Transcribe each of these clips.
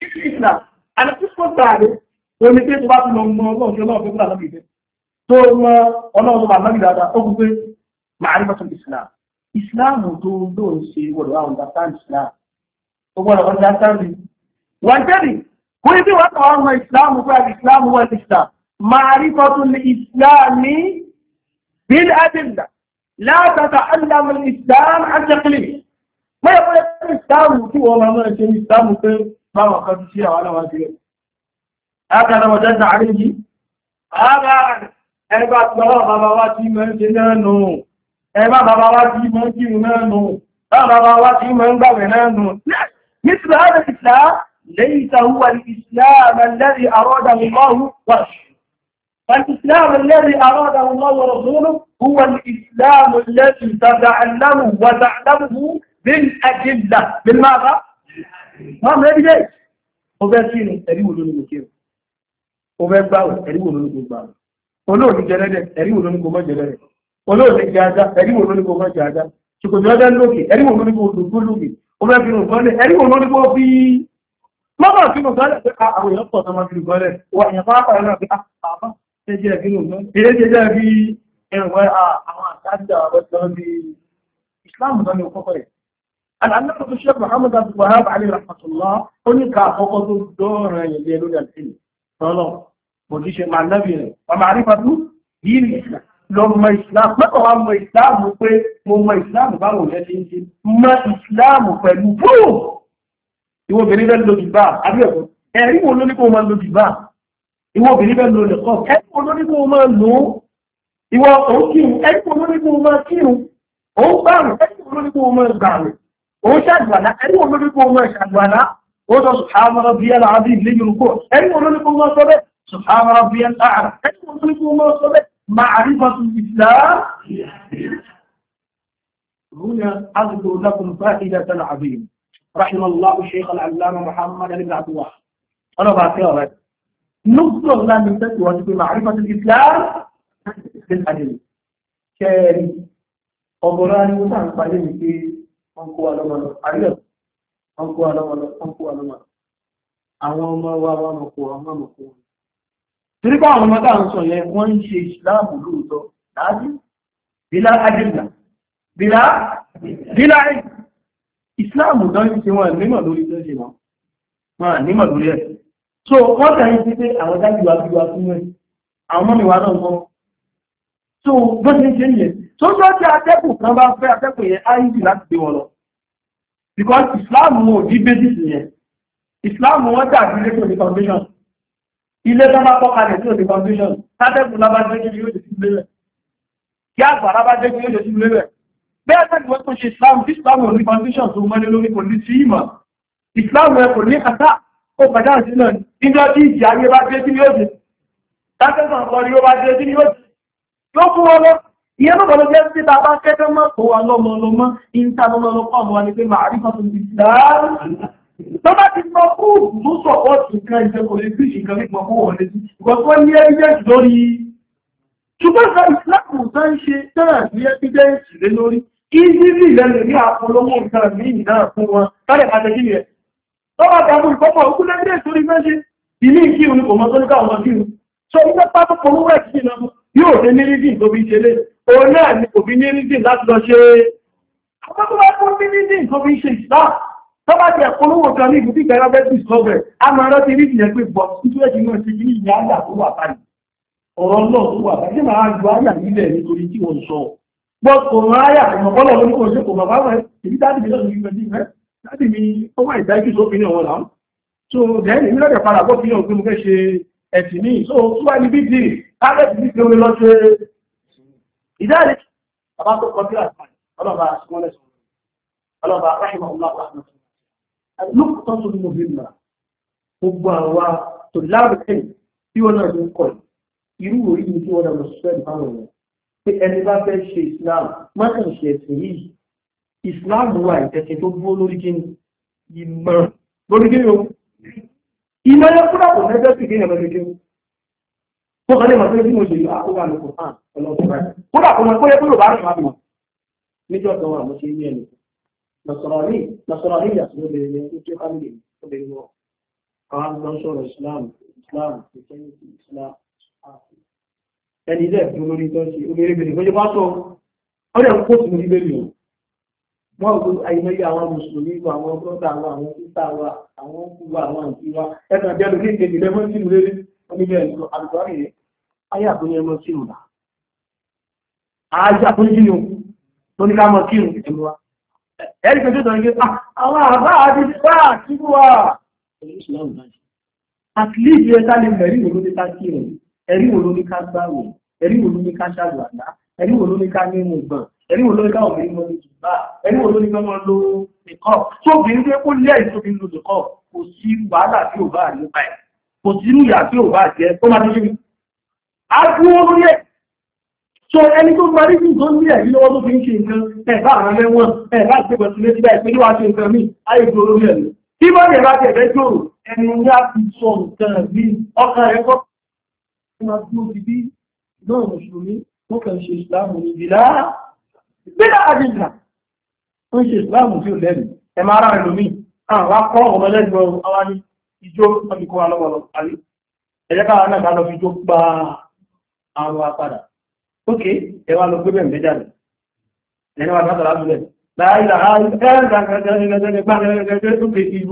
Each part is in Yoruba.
Títí ìsìlá, àti tí kò gbà rẹ̀, omi tí ó bá ti lọ mọ ọlọ́run tí ọlọ́run tó kúrò àlábì ìfẹ́. Tó mọ ọlọ́run bá lábì dáadáa, ó kú pé màá rí bọ́tún ìsìlá. Ìsìláàmù tó ló ń ṣe wọ̀dọ̀ àwọn understand ìsìlá. Ó gbọ́dọ̀ understand mi. Wọ́n tẹ́lẹ̀, kò ní bí wọ́n kọ́ ọmọ ìsìláàmù pé àti ìsìláàmù wọ́n ti ṣà. Màá rí bọ́tún ìsìláàmì bíl àdìlà. Látàtà àlàmù ìsìláàmù àjẹkìlì. Mọ̀ ما قد يسير على وزير هكذا وجدنا عليه هذا ايبا تبغى غباواتي من جنانه ايبا غباواتي من جنانه غباواتي من بغنانه مثل هذا الاسلام ليس هو الاسلام الذي اراده الله ورسوله الإسلام الذي اراده الله ورسوله هو الاسلام الذي تتعلمه وتعلمه بالادله بالماذا؟ Mọ́mù every day. Ó fẹ́ sí ni ẹ̀rí wo ló ní gòkè. Ó fẹ́ gbàwẹ̀ ẹ̀rí wo ló ní gò gbàwẹ̀. Olóòní jẹrẹ́dẹ̀ ẹ̀rí wo ló ní gò mọ́ jẹrẹ́dẹ̀. Olóòní jẹ ajá ẹ̀rí wo ló ní gò mọ́ jẹ ajá. Ṣùkòjì ọjọ́ lókè ẹ̀rí wo ló ní gò dùgbò lókè. Ó fẹ́ fi nùgbọ́n lẹ̀ ẹ̀rí wo ló ní gò fi. Mọ́mù fi nùgbọ́n lẹ̀ pé ah, àwọn èèyàn pọ̀ tó máa fi nùgbọ́n lẹ̀. Wà èèyàn máa pàrọ̀ náà pé ah, àbá ṣe jẹ́ fi nùgbọ́n. Àlàáfíà tó ṣe Muhammad Abdul Wahab alayhi rahmatullah ó ní ká àkọ́kọ́ tó dọ́ọ̀rọ̀ ẹ̀yìn lé lórí àtìlẹ̀ tọ́lọ̀ kò ti ṣe máa nábì rẹ̀. Ọmọ àrífàtú yìí ní ìsìlá lọ mọ ìsìláàmù mẹ́kọ̀ọ́ wa mọ ìsìláàmù pé mo mọ ìsìláàmù báwo yẹn ti ń ṣe mọ ìsìláàmù pẹ̀lú bóò. Ìwọ obìnrin bẹ́ẹ̀ lo jìbá àbí ẹ̀kọ́ ẹ̀rí wo ló ní kó máa lo jìbá ìwọ obìnrin bẹ́ẹ̀ lo lẹ̀kọ́ ẹ̀rí wo ló ní máa lò ó òun kírun ẹ̀rí wo ló ní kó máa kírun òun òun ṣàdùàlá ẹni olóríkó ọmọ ìṣàdùàlá ó sọ subhana rabbiyal azim lébi rúkọ ẹni olóríkó ọmọ sọ bẹ́ẹ̀ subhana rabbiyal a'la ẹni olóríkó ọmọ sọ bẹ́ẹ̀ ma'rifatu islam هنا أذكر لكم فائدة عظيمة رحم الله الشيخ العلامة محمد بن عبد الله أنا بأخيرك نظر لنا تسوى في معرفة الإسلام بالأدلة كاري أبراني وتعرف عليه wọ́n kó wa lọ́mọ lọ àríyọ̀ wọ́n kó wa lọ́mọ lọ wọ́n kó wa lọ́mọ lọ àwọn ọmọ wa wà mọ̀ kó wọn mọ̀ kó wọn. torí pé àwọn ọmọ tá à ń sọ yẹn wọ́n ń ṣe ìsìláàmù lóòótọ́ láàbí bílá adébìlà bílá bílá ìsìláàmù náà ń ṣe wọn nímọ̀ lórí tó ṣe wọn wọn nímọ̀ lórí ẹ̀ so wọ́n tẹ̀ ń ṣe pé àwọn dájú wa bí wa fún ẹ̀ àwọn mọ́mi wa náà wọ́n so bọ́sẹ̀ ń ṣe ń yẹn sójọ́ tí atẹ́kùn kan bá fẹ́ atẹ́kùn yẹn áìsì láti gbé wọn lọ because Islam wọn ò jí basis yẹn Islam wọn dàbí ilé tó ní foundation ilé tó bá kọ́kalẹ̀ tí ò ní foundation tátẹ́kùn lábá jẹ́ kí yóò lè sí lélẹ̀ kí àgbàrá bá jẹ́ kí yóò lè sí lélẹ̀ bẹ́ẹ̀ tẹ́lẹ̀ wọ́n tó ṣe Islam tí Islam ò ní foundation tó mọ́lé lórí kò ní sí ìmọ̀ Islam ẹ kò ní kàtà ó kàtà sí náà níjọ́ tí ìjì ayé bá dé sí yóò dé tátẹ́kùn kan ó bá dé sí yóò dé yóò fún wọn lọ́pọ̀ ìyẹn ló bọ̀lọ́ jẹ́ sí tàbá kẹ́kẹ́ mọ́ tó wà lọ́mọ lọ́mọ ìntàlọ́lọ́pọ̀ ọmọ wa ni pé màá rí fọ́tún ti dáa tó bá ti sọ fún òkú sọ ọ̀tún kan ìjẹ́ kò lè pọ̀ fún ọ̀rẹ́ sí because wọ́n ní evidence lórí ṣùgbọ́n sọ ìsìláàmù tó ń ṣe tẹ́rà ní evidence lé lórí easily ní àpolówó lórí fẹ́ ṣe ní káwọn yóò ṣe ní rídìn tó fi ṣe lé òun náà ni kò fi ní rídìn láti lọ ṣe àwọn tó bá fún ní rídìn tó fi ṣe ìṣá tó bá jẹ polówó kan ní ìbùdí ìgbà ẹgbẹ́ bí ìṣọ́bẹ̀ a máa rántí rídìn yẹn pé bọ̀ nítorí ẹ̀jẹ̀ náà ṣe ní ìyá àgbà tó wà báyìí ọ̀rọ̀ náà tó wà báyìí máa ju àyà nílẹ̀ nítorí tí wọ́n sọ bọ́ kò rán àyà ìmọ̀kọ́lọ̀ ló ní kò ṣe kò mọ̀ báwọn èyí dáàdì mi lọ́dún yìí mẹ́tí mẹ́ dáàdì mi ó wà ìdájú sófin ní ọ̀wọ́n làwọn tó gẹ̀ẹ́nì mílọ̀dẹ̀ padà ẹ̀sì ní ìṣó túbá ní bí dìrì káàkiri bí kí omi lọ ṣe ìdáàlì bàbá tó kọjú àtàrí ọlọ́ba ṣùgbọ́nlẹ̀ṣùn ọlọ́ba ráhìmọ̀ ọlọ́pàá lókùtọ́ tó nínú bí nà gbogbo àwa tó láàrín tí wọ́n náà ló kọ̀ irú orí ni tí wọ́n náà lọ sọ́ẹ̀ báwọn wọn pé ẹni bá fẹ́ ṣe Islam má kàn ṣe ẹ̀sìn yìí Islam wà ìtẹ̀sẹ̀ tó dúró lórí kí ìmọ̀ lórí kí ni iná yẹ kúrò kò lẹ́jọ́ sì kéèyàn lọ́dọ̀ kéwù tó kọ́ ní ìmọ̀ pé bí mo ṣe yọ àkóbá ní kòrán ọlọ́dún rẹ̀ kúrò kò mọ̀ pé kúrò bá rìn àbìmọ̀ níjọ́ kan wà mo ṣe ní ẹnu lọ́sọ̀rọ̀ rí lọ́sọ̀rọ̀ rí ìyàtọ̀ lè yẹ kí tí ó kámi lè ó lè wọ̀ àwọn lọ sọ̀rọ̀ Islam Islam ìfẹ́yìn Islam ẹni ilé ẹ̀dùn lórí tó ṣe olórí bèrè bó ṣe bá sọ ọ́ wọ́n wo àìmọye àwọn mùsùlùmí wa àwọn bọ́dà wa àwọn títà wa àwọn òkú wa àwọn àǹtí wa ẹ̀kan jẹ́ lórí èdè ìlẹ́ mọ́ sínú lélẹ́ oníbẹ̀ ìlú àlùbárì rẹ̀ ayé àtúnyẹ mọ́ sínú là ayé àtúnyẹ yòó tó ní ká mọ́ sínú ẹ̀mú wa ẹ̀rí pé tó tọ́ ní pé ah, àwọn àbá àti bá àtúbù wa at least yẹ ká lè mọ ẹ̀rí wo ló ní ká kírun ẹ̀rí wo ló ní ká gbáwò ẹ̀rí wo ló ní ká ṣàlùwàlá ẹ̀rí wo ló ní ká mímú gbọ̀n ẹni wo ló ní káwọn obìnrin lọ ní jùlá ẹni wo ló ní káwọn lọ nìkan tó obìnrin pé kó lé àìsí obìnrin lọ nìkan kò sí wàhálà tí ò bá rí so ẹni tó parí sí tó ní ẹ̀rí lọ́wọ́ tó fi ń ṣe nǹkan ẹ̀bá àwọn ẹlẹ́wọ̀n ẹ̀bá ìpẹ́gbẹ̀ sí létí bá ìpínlẹ̀ wá ṣe nǹkan míì ayé dúró lórí ẹ̀ tí bá rẹ̀ bá tẹ̀fẹ́ jòrò ẹni yá ti sọ nǹkan bí ọkàn rẹ̀ bídá àdìjà ń ṣe ìsìláàmù tí ò lẹ́nu ẹ máa rárẹ̀ lómi àwọn akọ́ ọmọ lẹ́gbọ̀n àwọn ní ijó ọdíkọ́ alọ́wọ́lọ́ àrí ẹ̀jẹ̀ káwọn náà ká lọ fi jó gba àwọn apadà ókè ẹ wá lọ gbé bẹ́ẹ̀ méjà rẹ̀ lẹ́nu wa sátọ̀ lábúlẹ̀ láìlà ìlú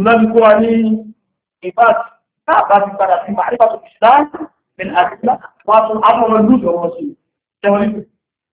náà kó wa ní ìbáàtì náà bá ti padà sí màrífà tó fi ṣáà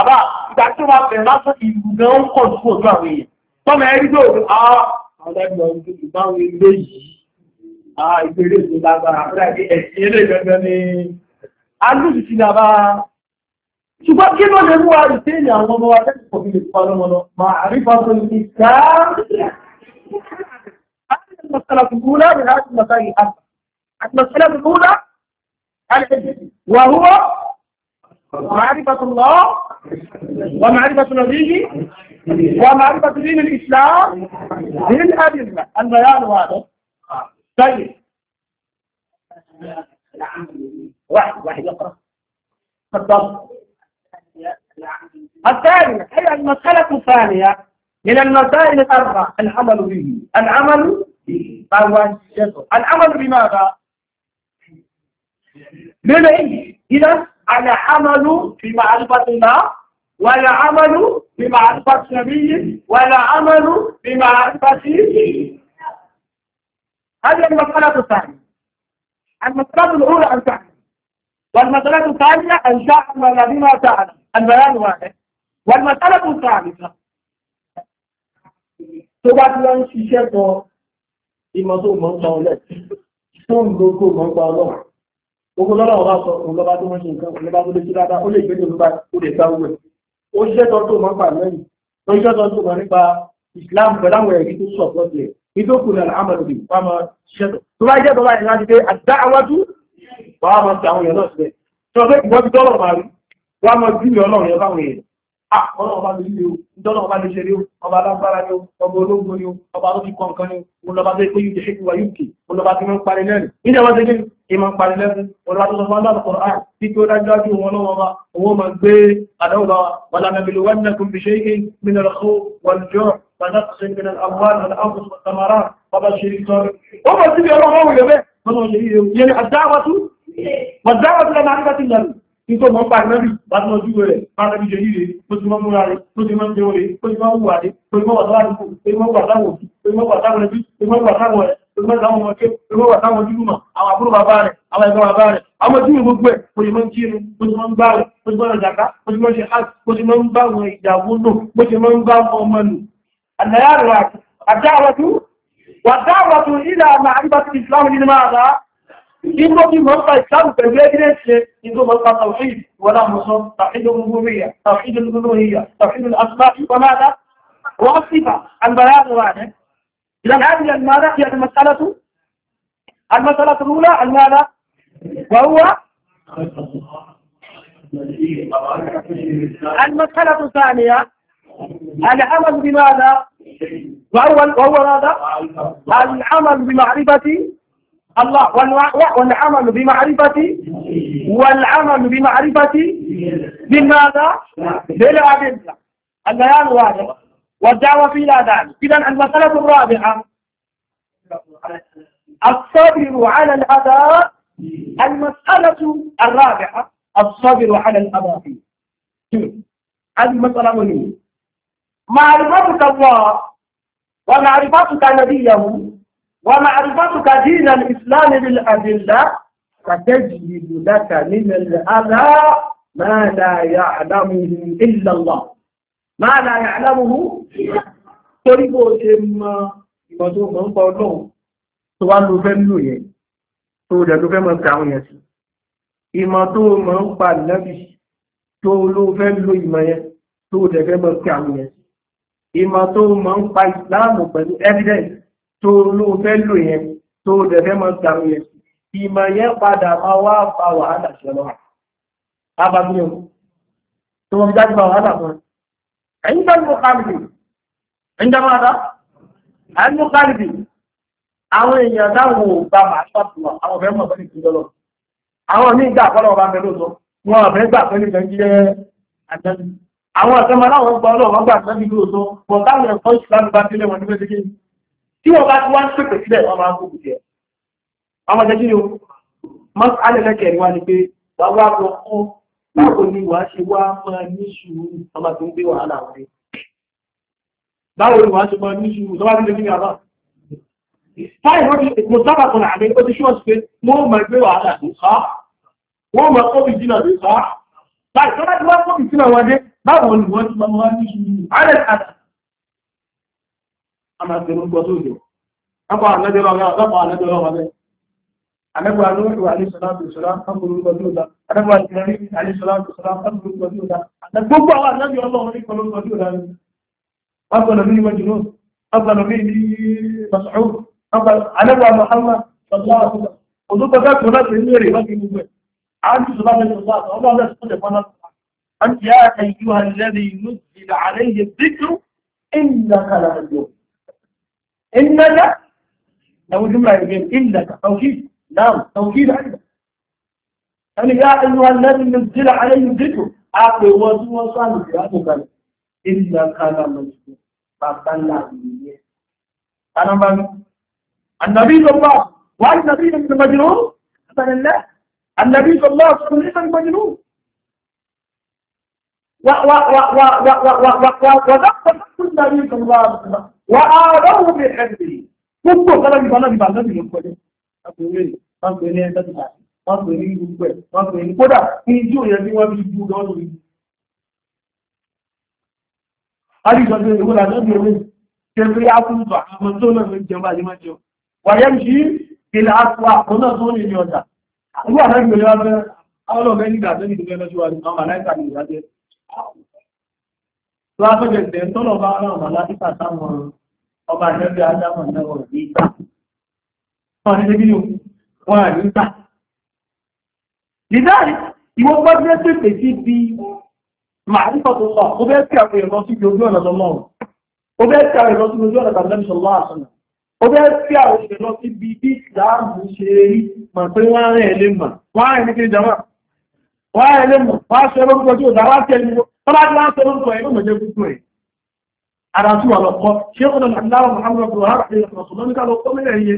àbá ìgbà tí wọ́n bẹ̀rẹ̀ lásán ìlú gan ń kọ̀ sí ojú àwọn èèyàn tọ́mọ ẹ̀rí tó ah, àwọn ẹgbẹ́ ọdún ìbáwọn ilé yìí ah, ìgbèrè ìlú lágbára àbúrà ní ẹ̀sìn eré gẹ́gẹ́ ní alúùsì ti dàbá ṣùgbọ́n kí ló lè mú wa ìṣe ní àwọn ọmọ wa tẹ́sí pọ̀ nílé pa lọ́mọ lọ mà àrífà tó ní ká المسألة الأولى من هذه المسائل الأربعة المسألة الأولى وهو ومعرفة نبيه ومعرفة دين الإسلام بالأدلة البيان هذا طيب واحد واحد يقرأ تفضل الثانية هي المسألة الثانية من المسائل الأربع العمل به العمل العمل بماذا؟ بالعلم إذا العمل بمعرفتنا ولا عمل بمعرفة نبي ولا عمل بمعرفة هذه المسألة الثانية المسألة الأولى أن تعلم والمسألة الثانية أن تعلم بما تعلم البيان واحد والمسألة الثالثة tó bá ti lọ ń ṣiṣẹ́ kan ìmọ̀ tó mọ̀ Gbogbo lọ́rọ̀ ọba sọ òun lọ́ba tó mọ́ ṣe nǹkan, òun lọ́ba tó lè ṣe dáadáa, ó lè gbé ní olúbá, ó lè sá owó ẹ̀. Ó ṣiṣẹ́ tọ́ tó máa ń pàdé lẹ́yìn, tó ṣiṣẹ́ tọ́ tó máa nípa ìsìláàmù pẹ̀lú àwọn ẹ̀rí tó sọ̀ pọ̀ tiẹ̀. Ìdókù ni àmàlù bì wá máa ṣiṣẹ́ tọ̀. Tó bá jẹ́ tó bá yẹn láti dé àdá awájú, wàá máa fi àwọn èèyàn náà sílẹ̀. Sọ pé ìwọ́n ti dọ́lọ̀ máa rí, wàá máa bí mi ọlọ́run yẹn báwọn Ah, ọ̀nà ọba lórí rẹ̀ o ìjọ́nà ọba lè ṣeré o ọba alágbára ni o ọba ológun ni o ọba ló ti kọ̀ọ̀kan ni o olọba tó ikú yìí ṣe wà yìí olọba tó ń parí lẹ́rìn nígbà wọn ṣe kíni ìmọ̀ parí lẹ́rìn olọba tó sọ fún aláàbò kọ̀ọ̀ àì tí kí ó wọn náà wọn bá owó máa gbé àdáwò bá wà lànà bí lówà nínú kò fi ṣe é min al-khawf wal-ju' wa naqsin min al bátúmọ̀ júwẹ̀ rẹ̀ pátàbí jẹ yìí rẹ̀ tó ti mọ́ múra rẹ̀ tó ti mọ́ jẹ orí tó ti mọ́ wùwà rẹ̀ tó ti mọ́ wà láàrín tó ti mọ́ wà táwọn òbí tó ti mọ́ wà táwọn ẹbí tó ti mọ́ wà táwọn ẹ̀ tó ti mọ́ táwọn ọmọké tó ti mọ́ wà táwọn ojúlùmọ̀ àwọn àbúrò bàbá rẹ̀ àwọn ẹ̀gbọ́n bàbá rẹ̀ àwọn tí ìwé gbogbo ẹ̀ kò ti mọ́ ń kírun kò ti mọ́ ń gbá rẹ̀ kò ti mọ́ ń jàká kò ti mọ́ ń ṣe hàt kò ti mọ́ ń bá àwọn ìyàwó lò kò ti mọ́ ń bá àwọn ọmọ lò àdáyàrá àdáwàtú wàdáwàtú ilẹ̀ àmà àríbàtú ìsìlámù nínú máa إنه في مرقى إسلام بالبيان توحيد ولا مصر توحيد الربوبية توحيد الألوهية توحيد الأسماء وماذا؟ وأصفة عن بيان إذا هذه المالة هي المسألة المسألة الأولى المالة وهو المسألة الثانية العمل بماذا؟ وهو وهو ماذا؟ العمل بمعرفة الله والعمل بمعرفتي والعمل بمعرفتي بماذا؟ بالأدلة البيان واضح والدعوة في لا ذلك إذا المسألة الرابعة الصبر على الأداء المسألة الرابعة الصبر على الأذى هذه المسألة مهمة معرفتك الله ومعرفتك نبيه ومعرفتك دين الإسلام بالأدلة فتجلب لك من الأذى ما لا يعلمه إلا الله ما لا يعلمه torí bó ṣe mọ ìmọ̀ tó mọ̀ ń pa ọlọ́run tó wá ló fẹ́ lò yẹn tó rẹ̀ ló ìmọ̀ yẹn tó rẹ̀ mọ̀ ká àwọn yẹn ìmọ̀ tó mọ̀ ń pa ìsìláàmù pẹ̀lú evidence tó ló fẹ́ lò yẹn tó dẹ̀fẹ́ mọ́ sàrò yẹn ìmọ̀ yẹn padà máa wá fa wàhálà ṣẹlọ abàmíyàn tó wọ́n fi jáde fa wàhálà fún ẹ̀yìn tó ń mú kálìbì ẹ̀yìn tó máa dá ẹ̀yìn mú kálìbì àwọn èèyàn táwọn ò bá máa ṣàtúwà àwọn ọ̀fẹ́ mọ̀ fẹ́ni kìí lọ́lọ́ àwọn míì gbà pọ́lọ́ ọba mẹ́lò tó wọn ọ̀fẹ́ gbà fẹ́ni tí wọ́n bá ti wá ń pèpè sílẹ̀ wọ́n máa ń kó bùjẹ́ àwọn jẹ́ kí ni o mọ́sí alẹ́lẹ́kẹ̀ ni wá ni pé wà wá lọ fún báwo ni wàá ṣe wá máa ní sùúrù ọmọ tó ń gbé wàhálà wọlé báwo ni wàá ṣe máa ní sùúrù tó bá ti lè ní yàrá táì wọ́n ti mo sábà kan àmì ó ti ṣúwọ́n sí pé wọ́n mọ̀ gbé wàhálà tó sá wọ́n mọ̀ kóbi jìnà tó sá láì tó bá ti wá kóbi jìnà wọn dé báwo ni wọ́n ti máa ní sùúrù a máa tẹ̀lú gbọ́ sóòjò lápá ànẹ́jọ́ lọ́wọ́ lápá ànẹ́jọ́ lọ́wọ́ rẹ̀ anẹ́gbà lóòrò àlẹ́sọ̀láàtò sọ́lá kápùrú gbọ́dọ̀ ọ̀dà anẹ́gbà ìrìn àlẹ́sọ̀láàtò sọ́lá kápùrú gbọ́dọ̀ ọ̀dà gbogbo àwọn ànẹ́jọ́ ọlọ́run ní kọlọ́ gbọ́dọ̀ ọ̀dà rẹ̀ ọgbọ̀nà bí wọ́n jùlọ ọgbọ̀nà bí i masáhù anẹ́gbà mọ̀hánmà sọ́lá àtúgbà òdúgbọ́ bẹ́ẹ̀ kọ́ láti ní èrè wájú gbogbo ẹ̀ àti sọ́lá bẹ́ẹ̀ sọ́lá àtọ́ ọmọ ọlọ́sẹ̀ tó jẹ́ fọ́nà أنت يا أيها الذي نزل عليه الذكر إنك لمجنون إنك لو جملة يبين إنك توكيد نعم توكيد عندك أنا يا أيها الذي نزل عليه الذكر أعطي وزو صالح في أبو كان إلا كان مجدور فصلى به أنا من النبي صلى الله عليه وسلم النبي من المجنون؟ أبدا الله النبي صلى الله عليه وسلم ليس المجنون وذكر النبي صلى الله عليه وسلم wà á rọ́wọ́ bí ẹ̀rì gbogbo ọ̀gá lábìbà lábìbà lọ́bì ló kọjá àpòwé wọn pè ní ẹ̀ẹ́dẹ́gbà wọn pè ní gbogbo ẹ̀ wọn pè ní kódà ní tí ò yẹ kí wọ́n fi gbú lọ́rùn yìí. àdìsọ pé ìwé làjọ bí ewé ṣe fi ápùtù àwọn tó náà ló ń jẹun báyìí máa jẹun wàyẹ̀ ń ṣí ilẹ̀ àpò àpò náà tó ní ní ọjà àwọn àdáyé ìgbèlè wa fẹ́ àwọn ọmọ ẹni ìgbà tó ní ìgbèlè lọ́jọ́ wa ní àwọn àláìsà ní ìgbà jẹ́. Lọ́wọ́ tó jẹ́ ìgbẹ́ tọ́lọ̀ bá ọlọ́run àláìsà táwọn ọba àjẹ́bí adámọ̀ náà wọ̀n ní ìgbà wọ́n ní lébí wọ́n à ní ìgbà ìdáàrí ìwọ́n bá jẹ́ pèpè sí bí màárífọ́ tó sọ ó bẹ́ẹ̀ tí àwọn èèyàn sí ojú ọ̀nà lọ́lọ́run ó bẹ́ẹ̀ tí àwọn èèyàn sí ojú ọ̀nà tàbí sọ̀lọ́ àsọ̀nà ó bẹ́ẹ̀ tí àwọn èèyàn sí bí bí ìsìláàmù ṣe rí mà pé wọ́n rẹ̀ lè mà wọ́n rẹ̀ ní ara tí wà lọ́kọ́ ṣe ọ̀nà aláwọ̀ Muhammad buhari àti ọ̀sọ̀lọ́nìká lọ́kọ́ mẹ́rẹ̀ yẹ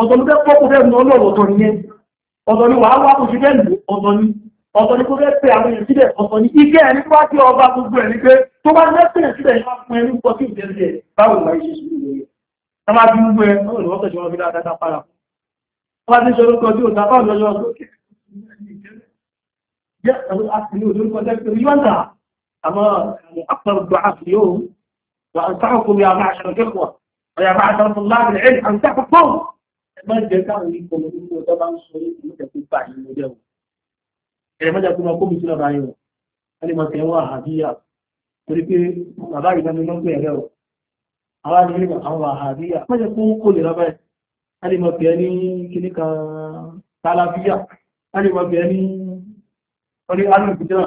ọ̀tọ̀ ló fẹ́ pọ́kù fẹ́ nà ọlọ́rọ̀ ọ̀tọ̀ ni ọ̀tọ̀ ni wàá wá kò sí fẹ́ẹ̀lú ọ̀tọ̀ ni ọ̀tọ̀ ni kò fẹ́ pẹ́ àwọn èèyàn sílẹ̀ ọ̀tọ̀ ni ike ẹni tó bá jẹ́ ọba gbogbo ẹni pé tó bá jẹ́ pẹ̀lẹ̀ sílẹ̀ yẹn fún ẹni pọ̀ sí ìdẹ́sẹ̀ báwo wà ṣe وأنصحكم يا معشر الإخوة ويا معشر طلاب العلم أنصحكم ما جاء لكم إنه طبعا صحيح متى تدفع المجاوب ẹ̀rẹ̀ mọ́jà tó máa kó mi sílọ̀ báyìí wọn ẹni máa tẹ̀wọ́ àhàdíyà torí pé bàbá ìdáni lọ́gbẹ̀ ẹ̀rẹ́ ọ̀ àwọn àdìrí àwọn àhàdíyà mọ́jà kó kó lè rọ́bẹ̀ ẹni máa tẹ̀ ní kíní kan tàlàfíà ẹni máa tẹ̀ ní orí alùpùpù náà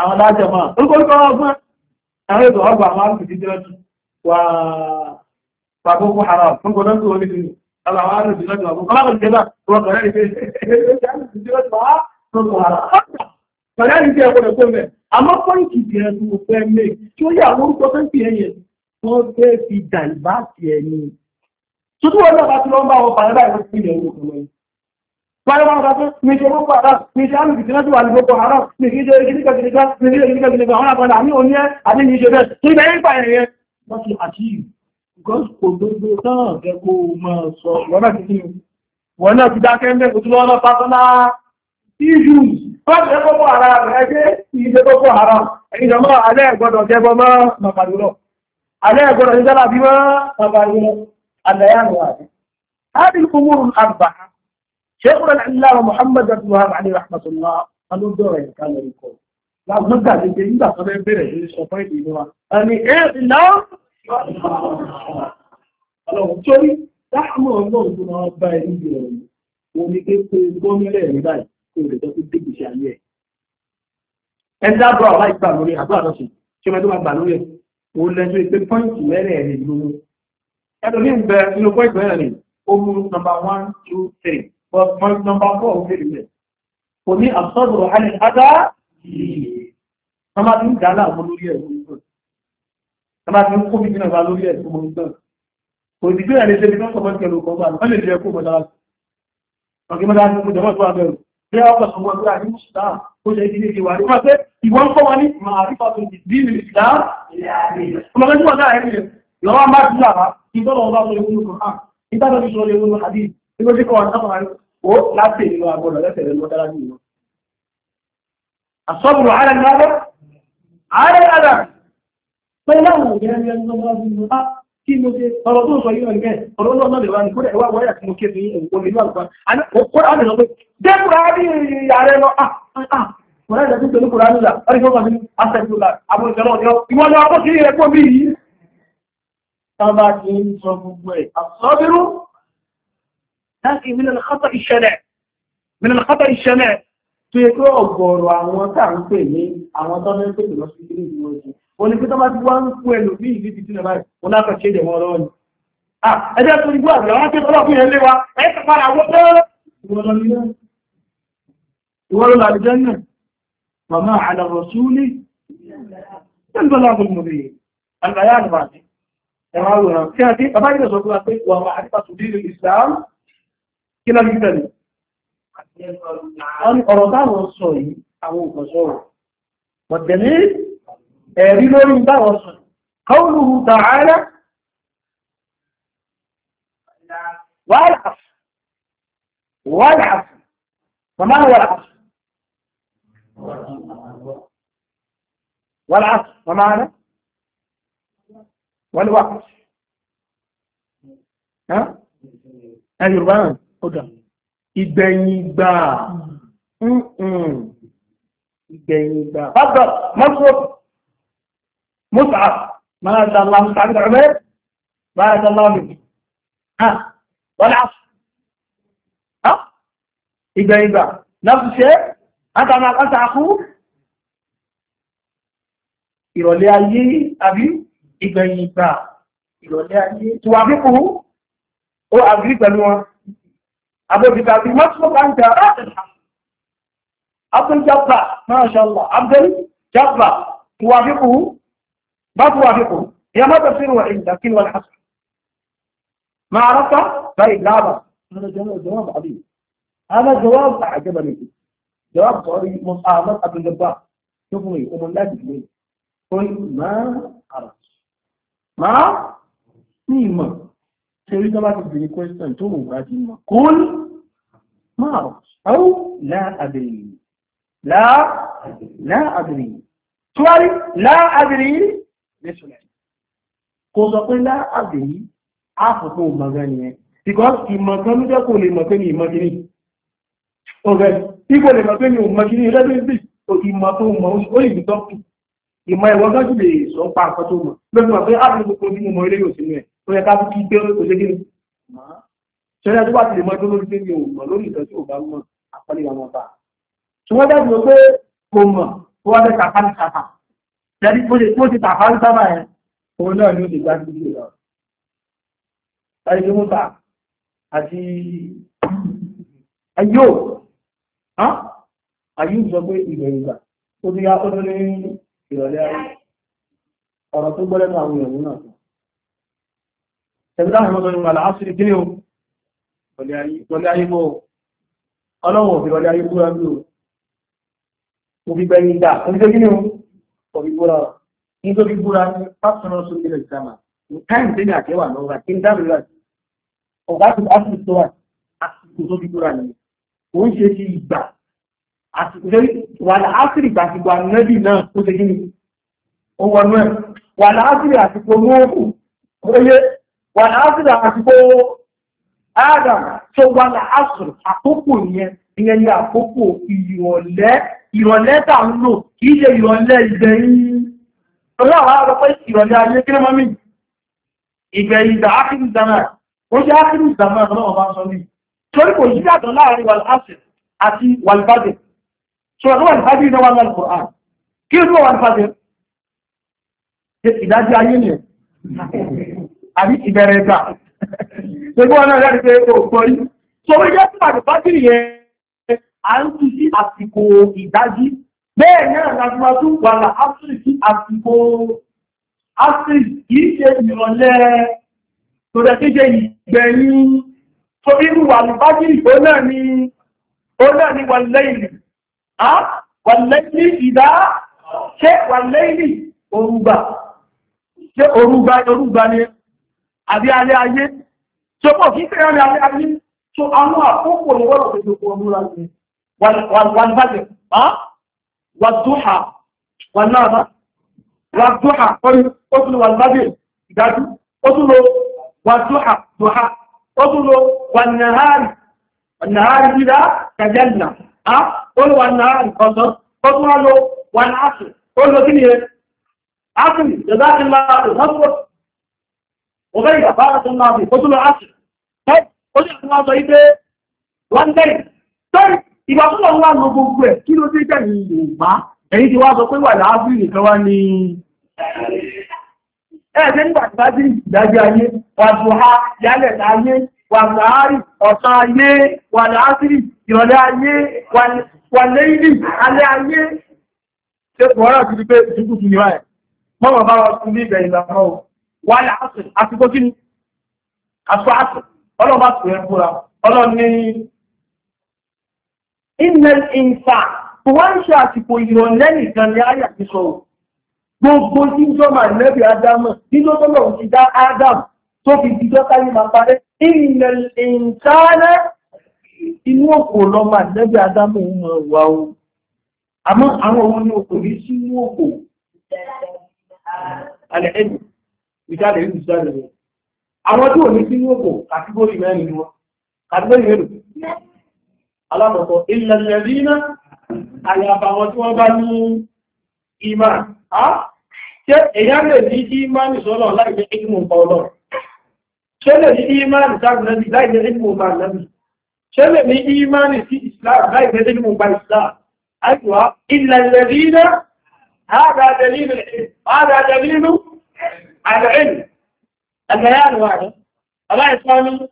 àwọn alájọ máa orúkọ orúkọ ọgbọ́n tare da wanda amma su hijiratu wa ba boko haram kun gonan su wani dini alawa da hijiratu ba kuma kan kaza kuma kan rike hijiratu ba to ko haram kan rike ko da ko me amma kon ki biya su ko me to ya mun ko san fiye ne ko te fi dalba fiye ni su to wanda ba su lomba wa ba da ko fiye ne ko mai Báyọ̀ wọn kàtó, mi ṣe Boko Haram, mi ṣe Amì Kìtìnà tó wà ní Boko Haram, mi kìí ṣe gíníkà gíníkà, mi kìí ṣe gíníkà gíníkà, àwọn àpàdà àmì òní ẹ́, àmì ní ṣe bẹ́ẹ̀, tí bẹ́ẹ̀ ń pa ẹ̀yẹ. Wọ́n ti àti gọ́ọ̀sì kò gbogbo náà jẹ́ kó máa sọ, wọ́n náà ti kí wọ́n náà ti dákẹ́ ń bẹ́ kò tí wọ́n lọ pásọ́lá ìṣù. Bọ́ọ̀sì ẹ Boko Haram, ẹ ṣe ìṣe Boko Haram, ẹ̀yìn ṣékùrọ̀ aláwọ Muhammad abdullahi alayhi rahmatullah alódọrọ ẹka lórí kọ láwọn gbàgbé pé nígbà tó fẹ́ bẹ̀rẹ̀ sí sọ fún èdè ìlú wa ẹni ẹ ìlà Ọlọ́run torí dáhùn Ọlọ́run tó máa bá ẹ níbi ọ̀rọ̀ wọn ni pé kó gómìnà ẹ nígbà kó lè jọ pé dégbè sí ayé ẹ ẹni dábọ àwa ìgbà lórí àbúrò àdọsùn tí ọmọ tó máa gbà lórí ẹ òun lẹjọ pé pọ́ìntì mẹ́rin ẹ̀rin ló mú ẹlòmíín bẹ nínú pọ́ìntì mẹ́rin ó mú nọ́mbà one two three But point number four, okay, okay. Kò ní àṣọ́dùrù hàn ìhádá yìí. Tọ́má ti ń dà láàmú lórí ẹ̀ gbogbo. Tọ́má ti ń kó mi jìnà bá lórí ẹ̀ gbogbo. Kò sì gbé ẹ̀lẹ́sẹ̀ ní kọ́kọ́ mọ́tí ẹ̀lú kan bá ní. Wọ́n lè jẹ́ kó mọ́tá láti. Ọ̀gí mọ́tá ní kúndọ̀ mọ́tí wà bẹ̀rù. Bí a ọkọ̀ sọmọ tó rà ní Mùsùlá, ó ṣe ìdílé ti wà ní wọ́n pé ìwọ́n kọ́ wọn ní màárífà tó ti dí ní ìlà. Ọmọdé tí wọ́n dá ẹ̀rí rẹ̀, lọ́wọ́ máa ti lára, ìtọ́lọ̀ ọba sọ ìwúlò kan. Ìtàbí sọ ìwúlò hadith, ìgbésí kọ́ wọn sábà rẹ̀ ó láti ìlú agbọ́dọ̀ lẹ́sẹ̀ lẹ́nu ọ̀dára ní ìlú. Àsọ́bùrù ààrẹ ní ọdọ́, ààrẹ àdà, pé láwọn òyìnbó ẹni ẹni lọ́wọ́ bí mo bá kí mo ṣe ọ̀rọ̀ tó sọ yìí wọn nìkẹ́ ọ̀rọ̀ lọ́wọ́ náà lè wá ní kódà ìwà wọ́yà tí mo ké fi òun nínú àlùkò àná kódà á lè sọ pé dẹ́kun àárí ààrẹ lọ ah, ah, ah. kòrá ìdájú pẹ̀lú kòrá nílà ọdí tó kàn sí asẹ́gbòlá àwọn ìjọba ọ̀dọ́ ìwọ́n ni ọkọ̀ sí ẹ̀kọ́ bí yìí. tábà kí ń sọ gbogbo ẹ̀ àsọ́bírú هذه من الخطا الشنع من الخطا الشنع تيكو اوغورو اوان في بيني في تان بيني لو سيكري في جي في كتا ما وان كويلو مي في تينا باي ونا كا تشي في مورون اه ادي اتو ديغوا في اتي طلا في هلي وا اي في وو ولا لا الجنة وما في الرسول البلاغ المبين البيان باقي تمام كاتي طبعا اذا صدقت ومعرفه دين الاسلام kí náà fi tẹ̀lé ọ̀rọ̀ táwọn sọ yìí àwọn òkàn sọ̀rọ̀ pọ̀tẹ̀lé ẹ̀rí lórí báwọn sọ qawluhu ta'ala والعصر والعصر فما هو العصر والعصر ومعنى والوقت ها أي أيوة. kódà ìgbẹ̀yìn ìgbà ìgbẹ̀yìn ìgbà fásitì mọ́sùn mọ́sà máa dà láàmù tàbí ọ̀rẹ́ máa dà láàmù wọ́n ìgbẹ̀yìn ìgbà láti ṣe àtàmà àtàkú ìrọ̀lẹ́ ayé àbí ìgbẹ̀yìn ìgbà ìrọ̀lẹ́ ayé tí wà fífún ó àgbí pẹ̀lú wọn أبو جبابي مسبوق عن جارات الحق أبو الجبار ما شاء الله عبد الجبار توافقه ما توافقه هي ما تصير عندك كل والحسن ما عرفت طيب لا بأس هذا جواب عظيم هذا جواب أعجبني جواب قوي مصاحبة عبد الجبار شوفني أم الله تجني قل ما عرفت ما مين ما سيريد question تجني كويستان تومو قل ما أو لا أدري لا لا أدري سؤالي لا أدري ليش لا kò sọ pé láàbì yìí àfòfún ìmọ̀gán ni ẹ because ìmọ̀gán ló jẹ́ kò lè mọ̀ pé ní ìmọ̀gíní ọ̀rẹ́ tí kò lè mọ̀ pé ní ìmọ̀gíní lẹ́gbẹ̀ẹ́ sí ìmọ̀ tó mọ̀ ó lè ṣẹlẹ̀ tó bá ti lè mọ́ tó lórí pé mi ò mọ̀ lórí ìtọ́ tí ò bá mọ̀ àpọ́lé àwọn ọba tí wọ́n dájú pé kò mọ̀ tó wá fẹ́ tàfà ní tàfà tẹ́lí tó ti tàfà ní tàfà yẹn òun náà ni ó ti gbá sí ìlú lọ ẹni tó mú ta àti ayó ayé sọ pé ìbẹ̀rù gbà ó ti yá ó ní ìrọ̀lẹ́ ayé ọ̀rọ̀ tó gbọ́lẹ́nu àwọn èèyàn náà ẹgbẹ́ àwọn wọlé ayé mọ́ ọlọ́wọ̀n òfin wọlé ayé búra bí o kò fi gbẹ̀yìn dà kò fi gbé gínú kò fi búra ọ̀ nítorí búra ní pásítọ̀nà sókè lè jàmà ní táìm tí ní àkẹwà náà rà kí n dábìí rà sí ọ̀gá tó bá sì tó wà àsìkò tó fi búra nìyẹn kò ń ṣe sí ìgbà àsìkò tó wà ní áfírí ànẹ́bì náà tó ṣe gínú ó ẹ̀ wà ní áfírí mú òkú ó yẹ wà ní áfírí Adam tó wà ní àsùn àkókò yẹn, ìyẹn ni àkókò ìrọ̀lẹ́, ìrọ̀lẹ́ tà ń lò, kìí ṣe ìrọ̀lẹ́ ìgbẹ̀yìn. Ọlá àwọn àrọ́pẹ́ ìrọ̀lẹ́ ayé kí lọ́mọ́ mi? Ìgbẹ̀yìn ìgbà ákìrì ìdámà, ó ṣe ákìrì ìdámà ọlọ́wọ́ bá ń sọ mí. Torí kò yíyàtọ̀ láàrin wà láàṣẹ àti wà lùbádẹ̀. Ṣọ̀rọ̀ wà lùbádẹ̀ náà wà lálùkọ̀ àn. Kí ló wà lùbádẹ̀? Ìdájọ́ ayé nìyẹn. Àbí ìbẹ̀rẹ̀ ìgbà gbogbo ọ̀nà rẹ̀ pé o gbọ́ yìí so ó jẹ́ fún àdìbátìrì yẹn à ń tú sí àsìkò ìdájí bẹ́ẹ̀ náà lágbàá tó wà là áfírí sí àsìkò áfírí kìí ṣe ìrọ̀lẹ́ tó rẹ̀ kéje ìgbẹ̀yìn tó irú àdìbátìrì ó náà ni ó náà ni wà lẹ́yìn wà lẹ́yìn ìdá ṣé wà lẹ́yìn òrùgbà ṣé òrùgbà òrùgbà ni àbí alẹ́ ayé Ṣọ́pọ̀ kí tẹ́rẹ ní alẹ́ alẹ́ tó àwọn àkókò ní wọ́n lọ́pẹ́ tó wọ́n múra sí wọ́n bàjẹ́ wọ́n dúhà wọ́n náà bá wọ́n dúhà ó tún wọ́n bàjẹ́ ìdájú ó tún lọ wọ́n dúhà dúhà ó tún lọ wọ́n nàárì nàárì dídá kàjẹ́lìnà ó lọ wọ́n nàárì ọ̀sán ó tún wọ́n lọ wọ́n áṣù ó lọ kí ni yẹn áṣù ìjọba ìlà ìwọ́n وغير بارة الناظر فضل tó lọ́wọ́ lọ gbogbo ẹ̀ kí ló dé wà ha ọ̀sán ayé wà láàárí ìrọ̀lẹ́ ayé wà alẹ́ ayé ṣe pọ̀ ọ́rọ̀ ti pé ni wáyé mọ́mọ̀ bá tún ní wáyà àsìrì àsìkò kí ni àsìkò àsìrì ọlọ́run bá sì rẹ̀ fúra ọlọ́run ní innal insan kò wá ń ṣe àsìkò ìrọ̀lẹ́ nìkan ní àyà ti sọ gbogbo tí jọmọ nẹ́bí ádámù nínú tọ́lọ̀ ti dá ádámù tó fi dìjọ́ káyé máa parẹ́ innal insana inú òkò lọ́mọ nẹ́bí ádámù ń wà ó àmọ́ àwọn ohun ní òkò yìí sínú òkò alẹ́ ẹ̀dùn ìjáde rí ìjáde rí àwọn tí ò ní sí yóò kò kàtígórì mẹ́rin ni wọn kàtígórì mẹ́rin alámọ̀kọ́ ilẹ̀ lẹ́rìnà àyàbà wọn tí wọ́n bá ní ìmá á ṣe èyá lè ní kí ìmá ní sọ́lọ̀ láìpẹ́ ìmú pa ọlọ́run ṣe lè ní ìmá ní sáàbùnẹ́bì láìpẹ́ ìmú pa ìlẹ́bì ṣe lè ní ìmá ní sí islam láìpẹ́ ìmú pa islam àìwá ilẹ̀ lẹ́rìnà هذا دليل هذا دليل العلم البيان واحد الله يسألني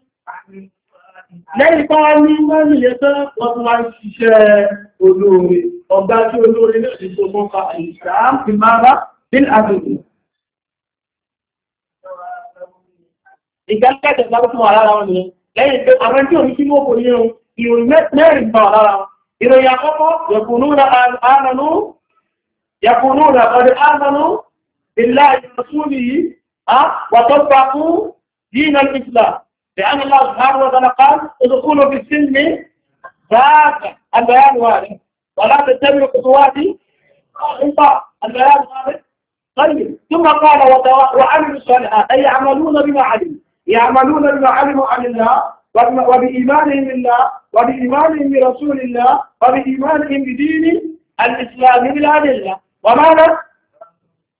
lẹ́yìn bá ní mẹ́rin yẹ tẹ́ wọ́n tó máa ń ṣiṣẹ́ olóore ọ̀gá tí olóore náà ti tó mọ́ ká ìṣàám ti máa bá bíl àgbègbè ìgbẹ́lẹ́gbẹ̀ lábọ́ fún àlára بالله ورسوله وطبقوا دين الإسلام لأن الله سبحانه وتعالى قال ادخلوا في السلم ذاك البيان وارد ولا تتبعوا خطوات الشيطان البيان وارد طيب ثم قال وعملوا الصالحات أي يعملون بما علموا يعملون بما علموا عن الله وبإيمانهم بالله وبإيمانهم برسول الله وبإيمانهم بدين الإسلام بالأدلة وماذا؟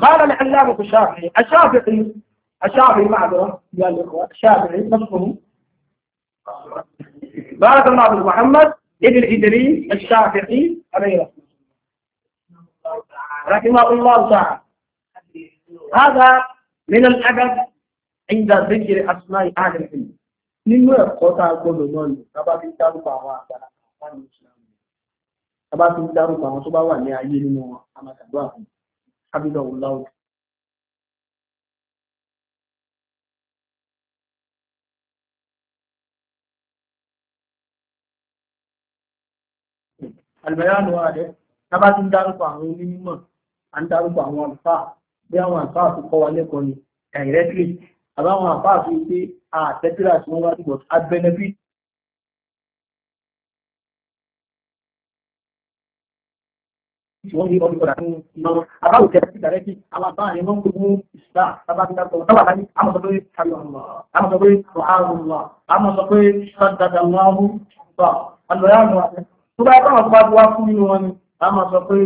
قال العلامة الشافعي الشافعي الشافعي معذرة يا الإخوة الشافعي نصفه بارك الله في محمد ابن الهجري الشافعي عليه رحمه الله تعالى هذا من الأدب عند ذكر أسماء أهل العلم nínú ẹ̀kọ́ tá a gbọ́dọ̀ náà ni a bá fi dárúkọ àwọn àgbàlagbà wà ní ìsìlámù a bá fi حبيبه الله àlùbáyánu ààrẹ tábà ti ń dárúkọ àwọn onímọ̀ à ń dárúkọ àwọn àlùfáà bí àwọn àlùfáà fi kọ́ wa lẹ́kọ̀ọ́ ni directly àbáwọn àlùfáà fi pé àtẹ́tìrà tí wọ́n wá benefit wọ́n ní ọdún padà fún ìlọ́wọ́ abáwò kẹta sí ìdàrẹ́kì alábáàrin wọ́n kò mú ìṣúná abájúdàpọ̀ tábàtà ní àmọ̀sọ pé àyọ̀mọ̀ àmọ̀sọ pé ọ̀hánùmọ̀ àmọ̀sọ pé ṣàdàdà wọ́n bá àlọ́yà àwọn àti tó bá bá wọn bá wá fún nínú wọn ni àmọ̀sọ pé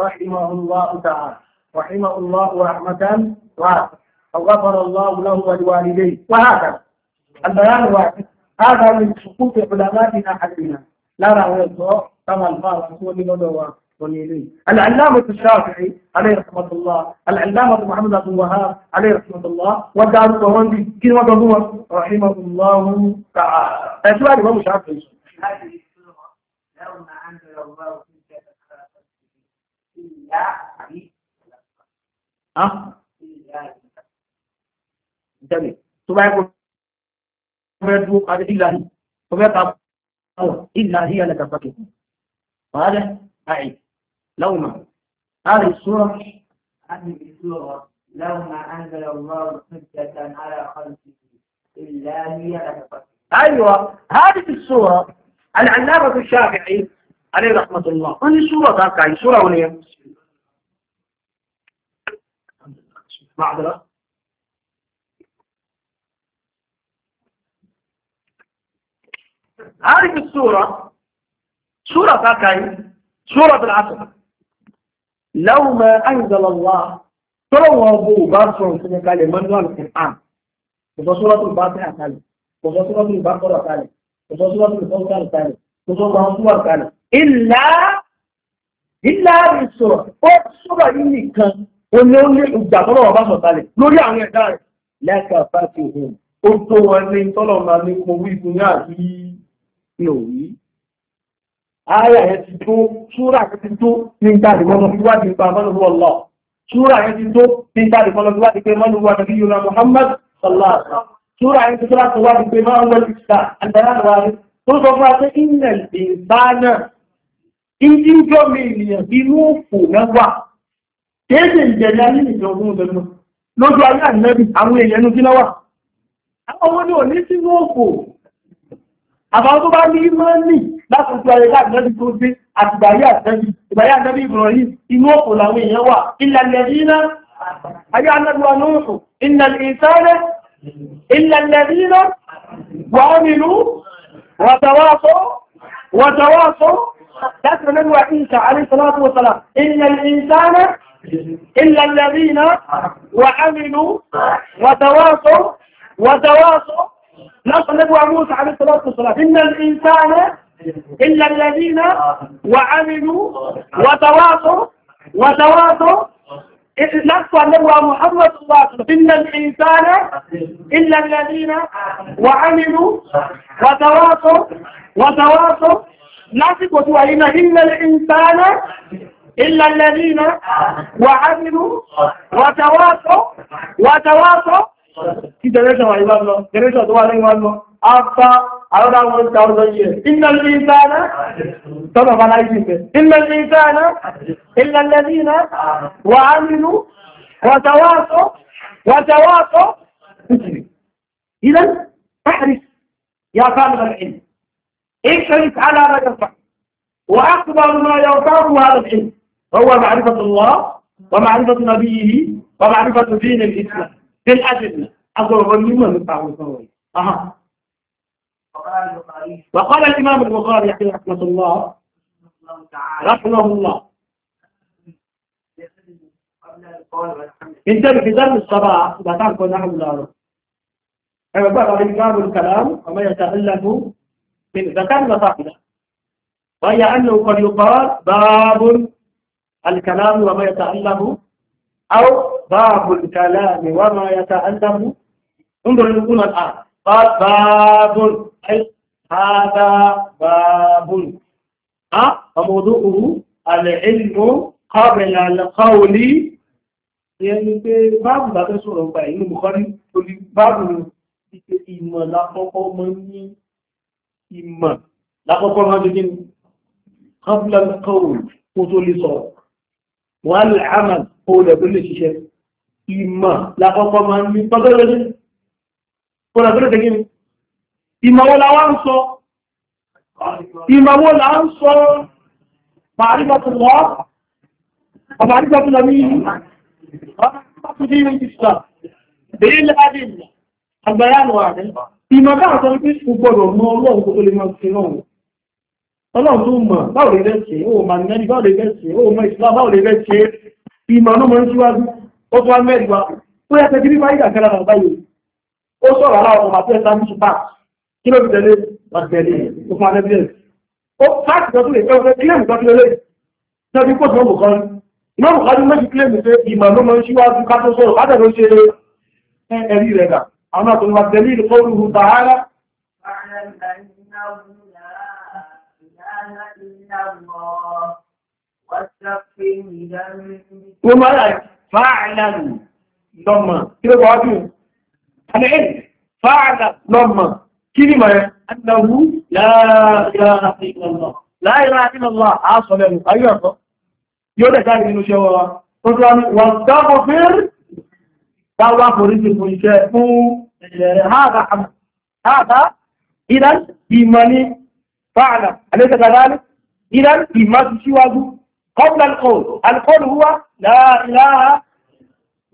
rahimahullahu ta'ala rahmatan wa aghfarallahu lahu wa liwalidayhi wa hada وليلي العلامة الشافعي عليه رحمة الله العلامة محمد بن وهاب عليه رحمة الله ودع الطهراني كلمة ضمور رحمه الله تعالى أسمع الإمام الشافعي هذه السورة لو ما أنزل الله فيك إلا أه جميل ثم يقول يدعوك إلا هي ثم يقع إلا هي لك فكر واضح أعيد لوما هذه السورة هذه السورة لوما أنزل الله حجة على خلقه إلا هي أيوة هذه السورة العلامة الشافعي عليه رحمة الله هذه الصورة تبقى هي سورة ونية هذه الصورة سورة ذاك سورة العصر láwùmọ̀ àìsàlọ́wà tọ́lọ̀ wọn bó bá sọ̀rọ̀ sínú kalẹ̀ mọ́nú àlùkùnán ìsọsọ́rọ́ tó bá tẹ́ àkàlẹ̀ ìsọsọ́rọ́ tó bá kọ́rọ̀ kalẹ̀ ìsọsọ́rọ́ tó bá kọ́rọ̀ kalẹ̀ ìsọsọ́rọ́ tó bá kalẹ̀ ìlà ní kalẹ̀ lórí àwọn ẹ̀dá Ayà yẹn ti tó, ṣúra yẹn ti tó, ní ìtàdì mọ́nà fi wá di pa mọ́nà wọ́n lọ. Ṣúra yẹn ti tó, ní ìtàdì mọ́nà fi wá di pé mọ́nà wọ́n nàbí Yorùbá Muhammad sallallahu alaihi wasallam. Ṣúra yẹn ti tó láti wá di pé mọ́nà wọ́n ti ta àdáyà wà rí. Ó sọ fún wa pé ìnà ìbáná, ìdí Àbáwọn tó bá ní ìmọ̀ nì látòjú ayé láàrín tó gbé àtìgbàyé àtẹ́bí ìgbàyé àtẹ́bí Ibrahim inú ọ̀pọ̀ làwọn èèyàn wà ìlàlẹ̀dínà ayé anẹ́gbà lóòsù ìlàlẹ̀dínà ìlàlẹ̀dínà wà ọ́nìlú wàtàwàsọ́ wàtàwàsọ́ láti rẹ̀lẹ́gbà ìṣà àríṣàlátù wàtàlá ìlàlẹ̀dínà ìlàlẹ̀dínà wà ọ́nìlú wàtàwàsọ́ wàtàwàsọ́ láti rẹ̀lẹ́gbà Musa àríṣàlátù wàtàlá إلا الذين وعملوا وتواصوا وتواصوا نفس الله محمد الله إن الإنسان إلا الذين وعملوا وتواصوا وتواصوا ناس وتوعين إن الإنسان إلا الذين وعملوا وتواصوا وتواصوا كده ليش ما يبغى له؟ كده ليش ما يبغى له؟ أبا إيه؟ إن الإنسان إن الإنسان إلا الذين وعملوا إذا احرص يا العلم احرص على ما وأكبر ما ينفعه هذا العلم هو معرفة الله ومعرفة نبيه ومعرفة دين الإسلام في الأدلة أقول لهم ينفعه أها وقال الإمام البخاري رحمة الله رحمه الله انتبه في درس الصباح إذا نحو الأرض أما بقى الإمام الكلام وما يتألم من ذكر وفاقدة وهي أنه قد يقال باب الكلام وما يتألم أو باب الكلام وما يتألم انظر يقول الآن قال باب هذا باب فموضوعه العلم قبل القول yẹni pé báàbù bá fẹ́ sọ̀rọ̀ gba ìlú Bukhari torí báàbù ìpé ìmọ̀ lákọ́kọ́ mọ́ ní ìmọ̀ lákọ́kọ́ mọ́ jẹ́ gíní kọ́bùlá kọ́wù kó tó lè sọ̀rọ̀ wà lè àmà kó lè tó lè ṣiṣẹ́ ìmọ̀ lákọ́kọ́ mọ́ ní tọ́gẹ́rẹ́ ìmọ̀wó la wá ń sọ ìmọ̀wó la ń sọ màrígbàtúnlọ́ ọmọrígbàtúnlọ́ ní ọmọrígbàtúnlọ́ Ọlọ́run tó mọ̀ báwo lè bẹ́ẹ̀ ṣe, ó ma nẹ́ni báwo lè bẹ́ẹ̀ ṣe, ó mọ̀ ìsìlá báwo lè bẹ́ẹ̀ ṣe, ìmọ̀ ọ̀nà mọ̀ ń síwájú, ó tó wá mẹ́rin wá, ó yẹ́ tẹ́jú bí máa ìdàkẹ́lá bàbá yìí, ó sọ̀rọ̀ aláwọ̀ ọmọ àti ẹ̀ta ní ṣùpá, kí ló fi tẹ̀lé ọ̀tẹ̀lé tó fún adẹ́bíyẹ̀ ó fáàkì tó lè tẹ́wọ́ kílẹ̀mù tó lè tẹ́bí kò tó mọ̀kan iná mọ̀kan méjì kílẹ̀mù pé ìmọ̀ ló mọ̀ síwájú ká tó sọ̀rọ̀ kádẹ̀ ló ṣe ẹ̀rí rẹ̀ gà àwọn àtọ̀ wà tẹ̀lé ìlú kọ́rù hù tààrà Wọ́n máa láì fáàlà lọ́mọ̀, kí ló bọ̀ wájú? Àmì ẹ̀ fáàlà lọ́mọ̀, kí ni mọ̀ ẹ̀nàwó láìláà ìlàlá àásọ̀ lẹ́nu ayé ẹ̀kọ́ yóò dẹ̀ káàkiri inú ṣẹ́wọ́ wa tó tó wà dábò fíìr dáwà foríṣì fún iṣẹ́ fún ẹ̀rẹ̀ ìdán ìmọ̀ ní fààlà alẹ́sẹ̀kàdánì ìdán ìmọ̀ ti síwájú قبل القول القول هو لا إله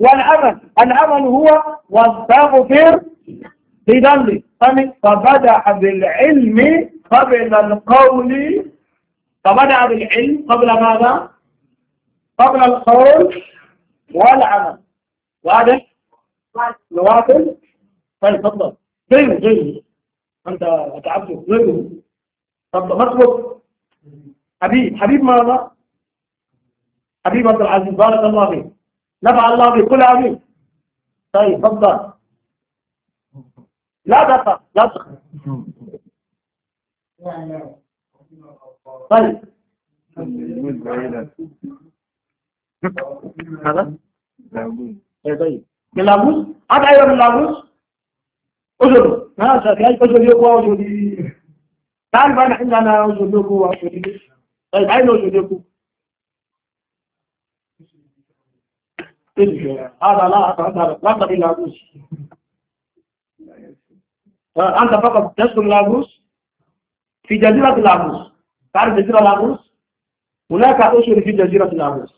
والعمل العمل هو واستغفر لذنبك فبدأ بالعلم قبل القول فبدأ بالعلم قبل ماذا؟ قبل القول والعمل واضح؟ نواصل؟ طيب تفضل زيه زين أنت اتعبت زيه طب مطلوب حبيب حبيب ماذا؟ حبيب عبد العزيز بارك الله فيك نفع الله بك كل عبيد طيب تفضل لا دفع لا دفع طيب هذا طيب, طيب. اللاغوس أدعي من اللاغوس أجر ما شاكي يعني أجر يقوى وجودي تعرف أنا حين أنا أجر يقوى وجودي طيب أين أجر يقوى إيه، هذا لا هذا لا تقل لاغوس أنت فقط تسكن لاغوس في جزيرة لاغوس تعرف جزيرة لاغوس هناك أسر في جزيرة لاغوس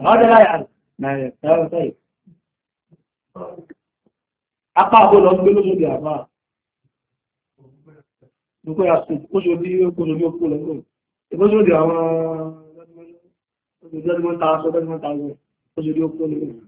هذا لا يعرف لا يعرف طيب apá àbọ̀lọ̀ ń gbé lóṣòdì àbá lókó ya sí oṣòdì oṣòdì okó lọ́gbọ̀ ìgbóṣòdì àwọn ọdún ọdún ọdún ọdún ọdún ọdún ọdún ọdún ọdún ọdún ọdún ọdún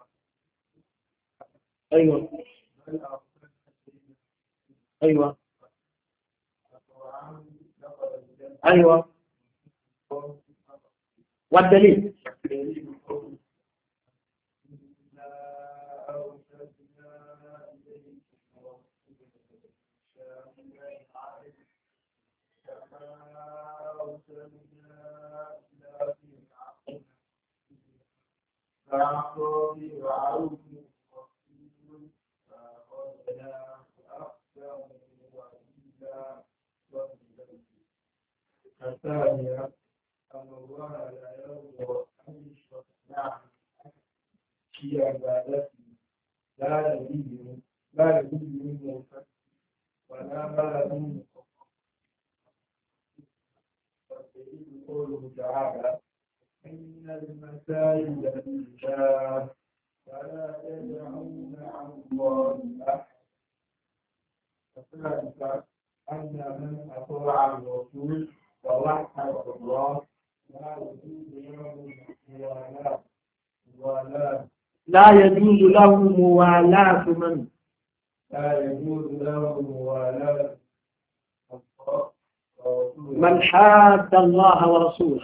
أيوة أيوة أيوة والدليل Thank you. لا يجوز له موالاة من لا يجوز له موالاة من حاد الله ورسوله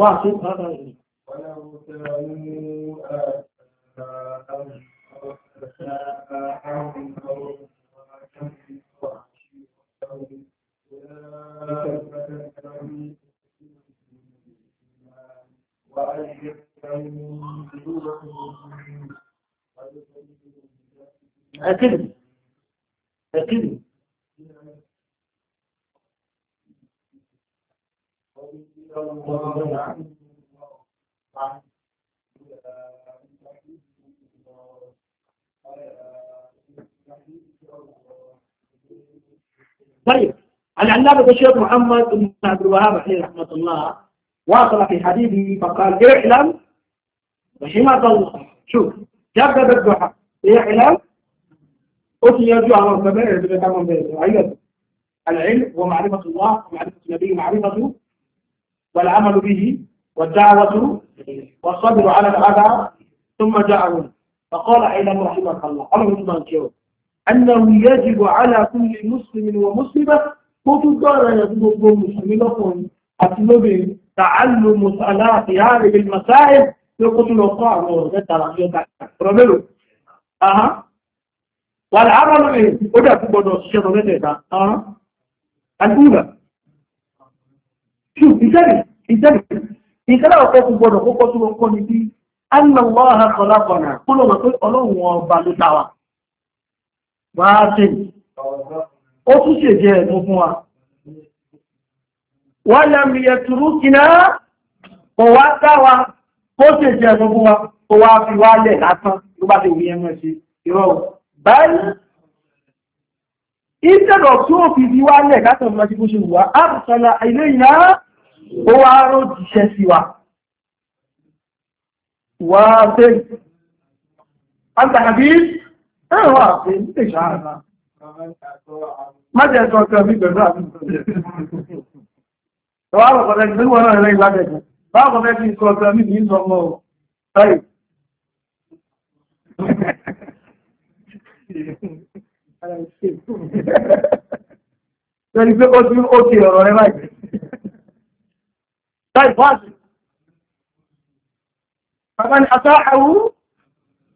wá sí طيب العلامة الشيخ محمد بن عبد الوهاب عليه رحمة الله واصل في حديثه فقال اعلم رحمة الله شوف جبد الدعاء اعلم أتي الدعاء والكبائر بكم من أيوة. العلم ومعرفة الله ومعرفة النبي معرفته والعمل به والدعوة والصبر على الأذى ثم جاءه فقال اعلم رحمة الله أنا من أنه يجب على كل مسلم ومسلمة كتب دارة يجب مسلمين لكم أطلب تعلم مسألات هذه المسائل يقتل الطعن والغدر رملوا أها والعمل إيه وده تبدو الشيطان لدينا أها الأولى شوف إذن إذن إذن أقول بدو قوة وقوة أن الله خلقنا كل ما تقول الله وبالتعوى báátìn ó tún ṣe jẹ́ ẹ̀mú fún wa wọ́n lẹ́mí ẹ̀tùrú kìnà kò wá dáwà ó ṣe jẹ́ ẹ̀mú fún wa ó wá fi wá lẹ̀ látán ló bá ti wí ẹmú ẹ̀ sí ìrọ̀ báyìí ìtẹ̀rọ̀ tí ó fi fi wá lẹ̀ látàn ló bó ṣe wà á sọ́la ilé ìná ó wá ró jíṣẹ́ sí wa wá bẹ́ẹ̀ ẹ̀rọ àti ìṣàrà májẹ̀ ẹ̀kọ́ ọ̀kọ́ mi pẹ̀lú àti ìṣàrà wà lọ́kọ̀ọ́lẹ́ ìgbẹ́lú wọn náà rẹ̀ ìgbàjẹ̀kọ́ bá kọ̀ọ́lẹ́ ti ìṣọ́ ọ̀kọ́ mi ní ìṣọ́mọ́ ọ̀rẹ́ Tẹ́lì pé ó tí ó ti ọ̀rọ̀ rẹ báyìí. Táì fásì.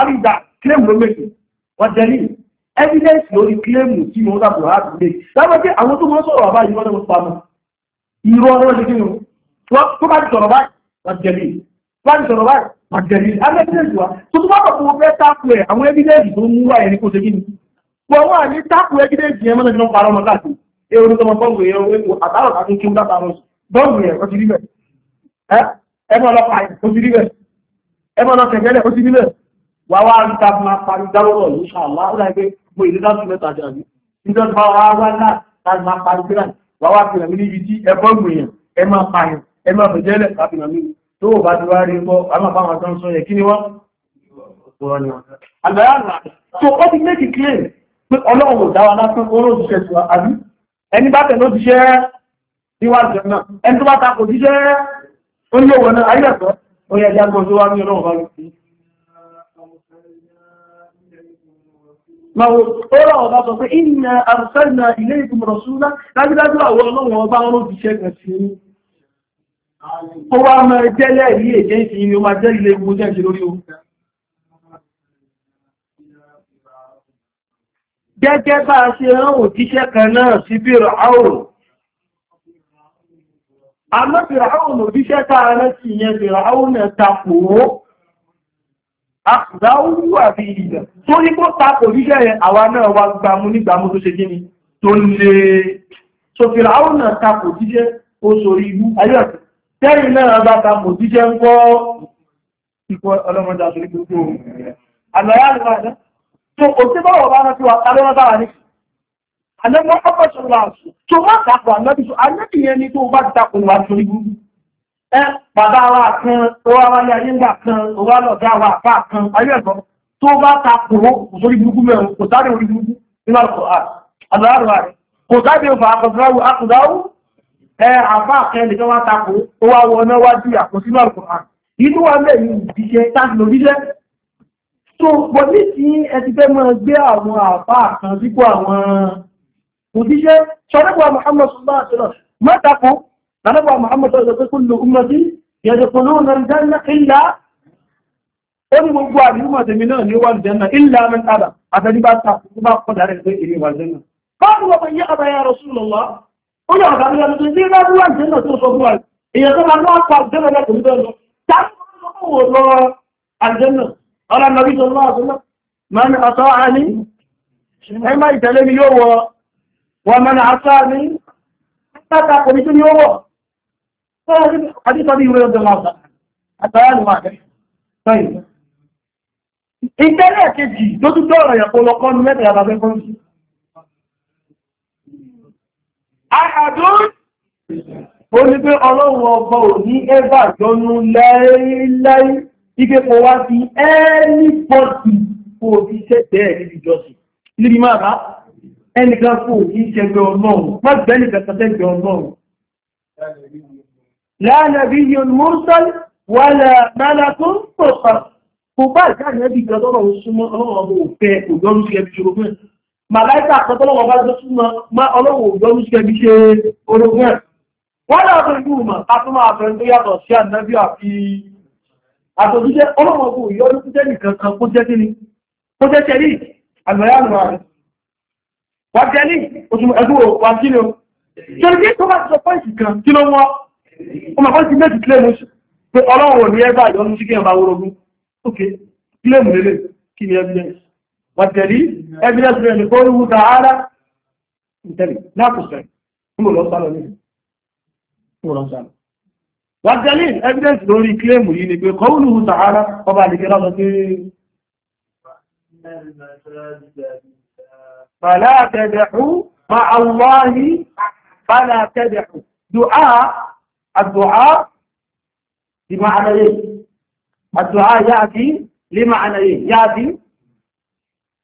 àrígbà kílèmù ló méjì wọ́n jẹ́ níyì evidence lórí kílèmù tí wọ́n dàbò láti lè dábàá pé àwọn tó mọ́ sọ̀rọ̀ àbá yìí wọ́n lè pa mọ́ ìrọ̀ ọ̀rọ̀ lè kíni tó bá ti sọ̀rọ̀ báyìí wọ́n jẹ́ níyì tó bá ti sọ̀rọ̀ báyìí wọ́n jẹ́ níyì àwọn evidence wa tó tó bá bọ̀ fún fẹ́ tápù ẹ̀ àwọn evidence tó mú wáyé ní kò ṣe kíni wọ́n wà evidence yẹn mọ́nà tí wọ́n parọ́ mọ́ káàkiri èrò tó mọ́ bọ́ọ̀lù yẹn owó àtàrọ̀ tàbí kí wọ́n dàtàrọ̀ bọ́ọ̀lù yẹn wọ́n ti rí bẹ́ẹ̀ ẹ ẹ máa lọ pa ẹ̀ wọ́n ti rí bẹ́ẹ̀ wà wá ń ta máa parí dáwọ́rọ̀ ní ṣàlá ó láìpẹ́ mo ìdí láti mẹ́ta jà ní ìjọ bá wá wá náà láti máa parí pé láì wà wá fìlà mí níbi tí ẹ̀kọ́ ìgbìyàn ẹ máa pààyàn ẹ máa bẹ̀jẹ́ lẹ̀ káfìlà mí tó bá ti wá rí ń bọ́ àmà bá wọn tán sọ yẹ kí ni wọ́n wọ́n ni wọ́n. àgbàyà nà so ó ti méjì claim pé ọlọ́run ò dá wa lásán ó ló ṣiṣẹ́ tiwa àbí ẹni bá tẹ̀lé ó ti ṣẹ́ níwájú náà ẹni tó bá ta kò ti ó ní ma wo ọ̀rọ̀ ọba sọ pé inna arsalna ilaykum rasula dájúdájú àwọn ọlọ́run ọba ọrọ̀ òbíṣẹ́ kan sí ní ó wá mọ jẹ́lẹ̀ rí èdè ìsìn ni ó máa jẹ́ ilé egun jẹ́ àmọ́ bí ràáwò òjíṣẹ́ tá sí ìyẹn bí ràáwò náà àkùdáwú àti ìdà tó ní kó tapò ríṣẹ́ yẹn àwa náà wá gbàmú nígbàmú tó ṣe gíní tó lè sòfìlà áwọn náà tapò jíṣẹ́ ó sórí ìlú ayọ́tì tẹ́yìn náà bá tapò jíṣẹ́ ń kọ́ ìkọ́ ọlọ́mọdé àti gbogbo àlọ́yà àlùmáà tó kò sí bọ́wọ̀ bá rántí wa tàbí bá wà ní gbogbo bàbá wa kan tó wá wáyé ayéngbà kan tó wá lọ̀dá wa àpá kan ayé ẹ̀gbọ́n tó bá ta kòrò òsorí burúkú mẹ́rin kò sáré orí burúkú nínú àkọ́ àdúrà rẹ̀ kò sáré òfà àkọ́sọ́rọ̀ àkùdáwù ẹ àpá kan lè wá ta kòrò ó wá wọ ọ̀nà wá ju àpò sínú àkọ́ inú wa mẹ́ ní ìdíṣẹ́ táàkì lóríṣẹ́ tó pọ̀ ní sí ẹ ti fẹ́ mọ́ gbé àwọn àpá kan dípò àwọn òdíṣẹ́ sọ́dọ̀ Ànábì Muhammad sọ pé kullu ummati yadkhuluna al-janna illa ó ní gbogbo àdúgbò tèmi náà ní wà jẹ́nà illa man aba àtẹ́jú bá ta tó bá kọ́ dárẹ́ pé èmi wà jẹ́nà. Báwo wọ́n fẹ́ yé àbá ya Rasulullah? Ó yà ọ̀gá mi lọ́dún ní bá wà jẹ́nà tó sọ fún wa. Èèyàn tó máa ń wá pa jẹ́nà lẹ́kọ̀ọ́ níbẹ̀ lọ. Táwọn ọmọ wò lọ àjẹ́nà. Ọlá nàbí sọ lọ́wọ́ àtúnná. Man ata'ani, ẹ má ìtẹ̀lé mi yóò wọ. Wa man asani, látàkùnrin tó ní ó wọ̀. حديث أبي هريرة رضي الله عنه البيان ما كان طيب ìtẹ́lẹ̀ kejì tó tún tọ́rọ ìyàpọ̀lọpọ̀ ní mẹ́ta yàbá fẹ́fẹ́ sí àádọ́n ó ní pé ọlọ́run ọba ò ní ẹgbà jọnú láíláí ike kò wá sí ẹni pọ́tì kò bí ṣẹ́gbẹ́ ẹ̀ níbi jọsìn níbi máa bá ẹnìkan kò ní ṣẹgbẹ́ ọlọ́run لا نبي مرسل ولا ملك مرسل Kòbá ìjáàrí ẹbí ìjọ tọ́lọ̀ súnmọ́ ọlọ́wọ́ ọmọ òfẹ́ òjọ́rú sí ẹbí ṣorogún ẹ̀. Màláìkà àkọ́tọ́lọ́wọ́ bá jọ súnmọ́ má ọlọ́wọ́ òjọ́rú sí ẹbí ṣe orogún ẹ̀. Wọ́n náà tó ìlú mọ̀ látúmọ̀ àfẹ́ tó yàtọ̀ sí ànábí àfi àtòjúṣe ọlọ́wọ́ ọmọ òyọ́rú tó jẹ́ nìkan kan kó jẹ́ kíni. Kó jẹ́ tẹ̀lé àgbẹ̀yànù rẹ̀ ọmọ kan ti méjì kílèmù pé ọlọ́run ní ẹgbà ìyọnú sí kí ẹ bá wọ́rọ̀gún ok kílèmù lélẹ̀ kí ni evidence wàtẹ̀lí evidence rẹ̀ ní kó rí wúta ara ìtẹ̀lẹ̀ lápùsẹ̀ mú lọ sálọ nílẹ̀ mú lọ sálọ wàtẹ̀lí evidence lórí kílèmù yìí ni pé kọ́ wúlù wúta ara ọba àdìgẹ́ lọ́sọ pé Fàlá tẹ̀dẹ̀hù, ma Allah الدعاء بمعنى ايه الدعاء يأتي ايه يأتي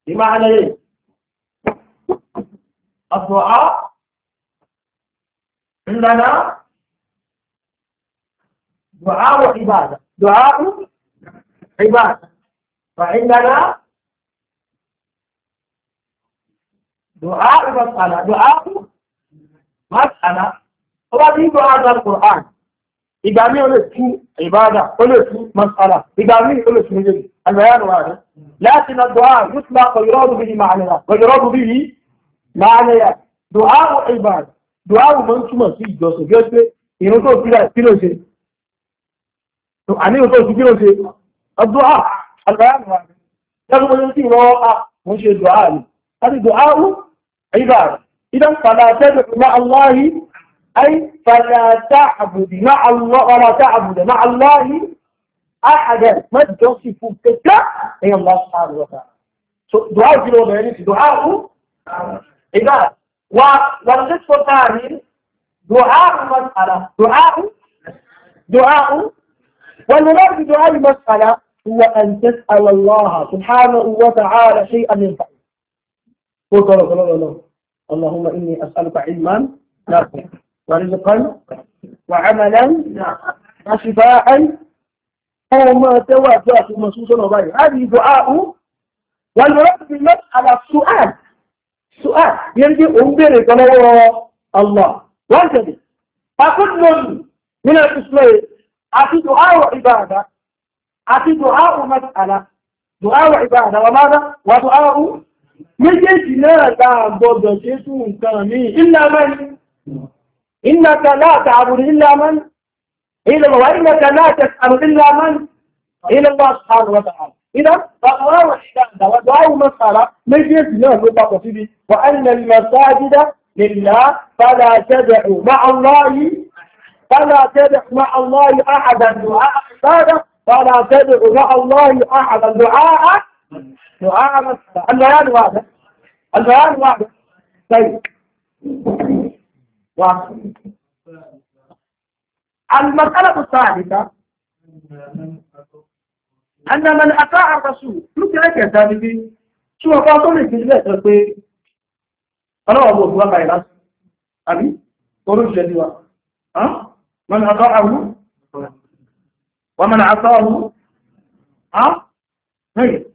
بمعنى ايه الدعاء عندنا دعاء عبادة دعاء عبادة وعندنا دعاء مسألة دعاء مسألة tó bá ti ń gbọ́ adal Qur'an ìgbà mí ó lè tú ìbádà ó lè tú masala ìgbà mí ó lè tú méjèèjì àgbàyànù wa rẹ̀ láti na dùá yóò tún bá kọ̀yọ́rọ́dù bí i màánìyà kọ̀yọ́rọ́dù bí i màánìyà dùá wọ ìbádà dùá wọ mọ́ ń túmọ̀ sí ìjọsìn bí ó ṣe ìrún tó fi láì kílò ṣe àníyàn tó fi kílò ṣe ọdúnà àgbàyànù wa rẹ̀ lọ́gbọ́n tí wọ́n á wọ́n ṣe dùá ni láti dùá wọ ìbádà idan fàlàtẹ́ أي فلا تعبد مع الله ولا تعبد مع الله أحدا ما تصف تلك هي الله سبحانه وتعالى دعاء في الوضع يعني دعاء عبادة والنصف الثاني دعاء مسألة دعاء دعاء والمراد بدعاء المسألة هو أن تسأل الله سبحانه وتعالى شيئا ينفعك قلت الله اللهم إني أسألك علما نافعا ورزقا وعملا وشفاعا أو ما توجهت مصوصا وغيره هذه دعاء والمراد بالنص على السؤال سؤال يرجع أمبرك الله وانتبه فكل من الاسلام اعطي دعاء وعباده اعطي دعاء مسألة دعاء وعباده وماذا؟ ودعاء من جيش لا لا جيش جنس كامل إلا من إنك لا تعبد إلا من إلى الله وإنك لا تسأل إلا من إلى الله سبحانه وتعالى إذا فقرار الشهادة ودعاء من صلى مجلس له فيه وأن المساجد لله فلا تدعوا مع الله فلا تدع مع الله أحدا دعاء عبادة فلا تدعوا مع الله أحدا دعاء دعاء البيان واضح البيان واضح طيب المسألة الثالثة أن من أطاع الرسول مثل لك يا سامي شو أفاطمي في البيت ربي أنا أبو أبو أبو أبو أبي قولوا جديوة ها من أطاعه ومن عصاه ها هي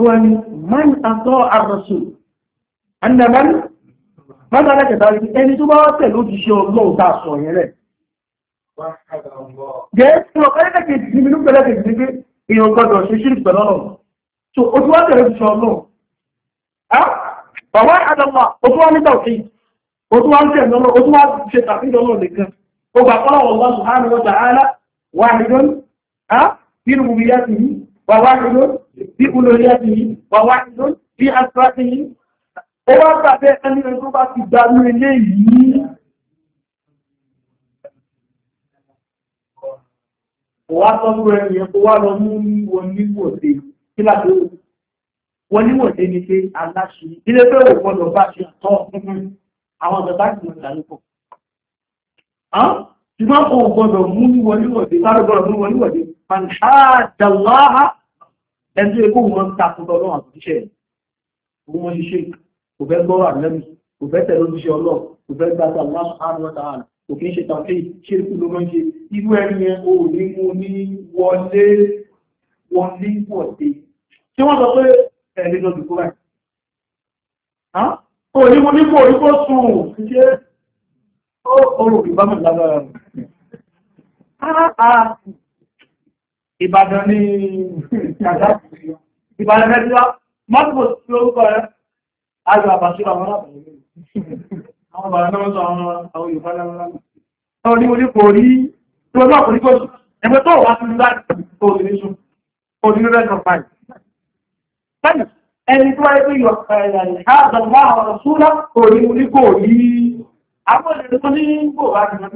هو من أطاع الرسول أن من Mọ́tà lẹ́kẹ̀ẹ́ta rí ẹni tó bá tẹ̀ ló ti ṣe ọlọ́run tá sọ yẹn rẹ̀. Gẹ̀ẹ́sì ọ̀kọ́ lẹ́kẹ̀ẹ́kejì ní inú pẹ̀lẹ́kẹ̀ẹ́jì ní pé èèyàn gbọdọ̀ ṣe ṣírí pẹ̀lú ọ̀rọ̀. So, ó ti wá tẹ̀lé ti ṣe ọlọ́run. Bàbá Adọ́mà, ó tún wá nígbà òkè, ó tún wá ń tẹ̀lé ọlọ́run, ó wá ṣe tàfíjọ́ ọlọ́run nìkan. Ó gbà pọ́lọ̀ Allah subhanahu wa ta'ala wahidun fi rububiyyatihi wa wahidun fi uluhiyyatihi wa wahidun fi asma'ihi ó wá gbàgbé ẹni rẹ̀ tó bá ti gbàlú ilé yìí wá tọ́jú ẹni yẹn kó wá lọ mú oníwòde kí láti ó oníwòde ni pé aláṣẹ ilé pé ò gbọdọ̀ bá ṣe tọ́ àwọn ọ̀dọ̀ bá jùlọ ìdánilẹ́kọ̀ọ́ ṣùgbọ́n ò gbọdọ̀ mú oníwòde sáré gbọdọ̀ mú oníwòde fanṣáàdàláhà ẹni tó yẹ kó wọn takùtọ̀ lọ́wọ́ àtúnṣe òun wọn ṣe ṣe ìkà kò fẹ́ gbọ́rọ̀ àdínẹ́bì kò fẹ́ tẹ̀lé ojúṣe ọlọ́ọ̀ kò fẹ́ gbàtà láàmú àrùn ọ̀tà àrùn kò kí ń ṣe tàbí ṣe kú ló máa ń ṣe irú ẹni yẹn o ní mú ní wọlé wọlé wọ̀dé tí wọ́n sọ pé ẹ̀rí lọ dùkú rẹ̀ o ní mú ní kò rí kó sùn ṣe oòrùn ìbámu lágbára rẹ̀ Ìbàdàn ní Ìbàdàn mẹ́tíwá Àjọ àbàṣírà wọn lábàá. Àwọn bàrá náà sọ àwọn àwọn Yorùbá lábàá. Àwọn ní orí kò rí tí wọ́n náà kò rí kò sí. Ẹgbẹ́ tó wà sí láti kò sí ní rẹ̀ kan fàì. Sẹ́yìn, ẹni tó wáyé pé yọ àdàlùmá àwọn súnlá kò rí orí kò rí. Àwọn ènìyàn tó ní kò wá sí ni pé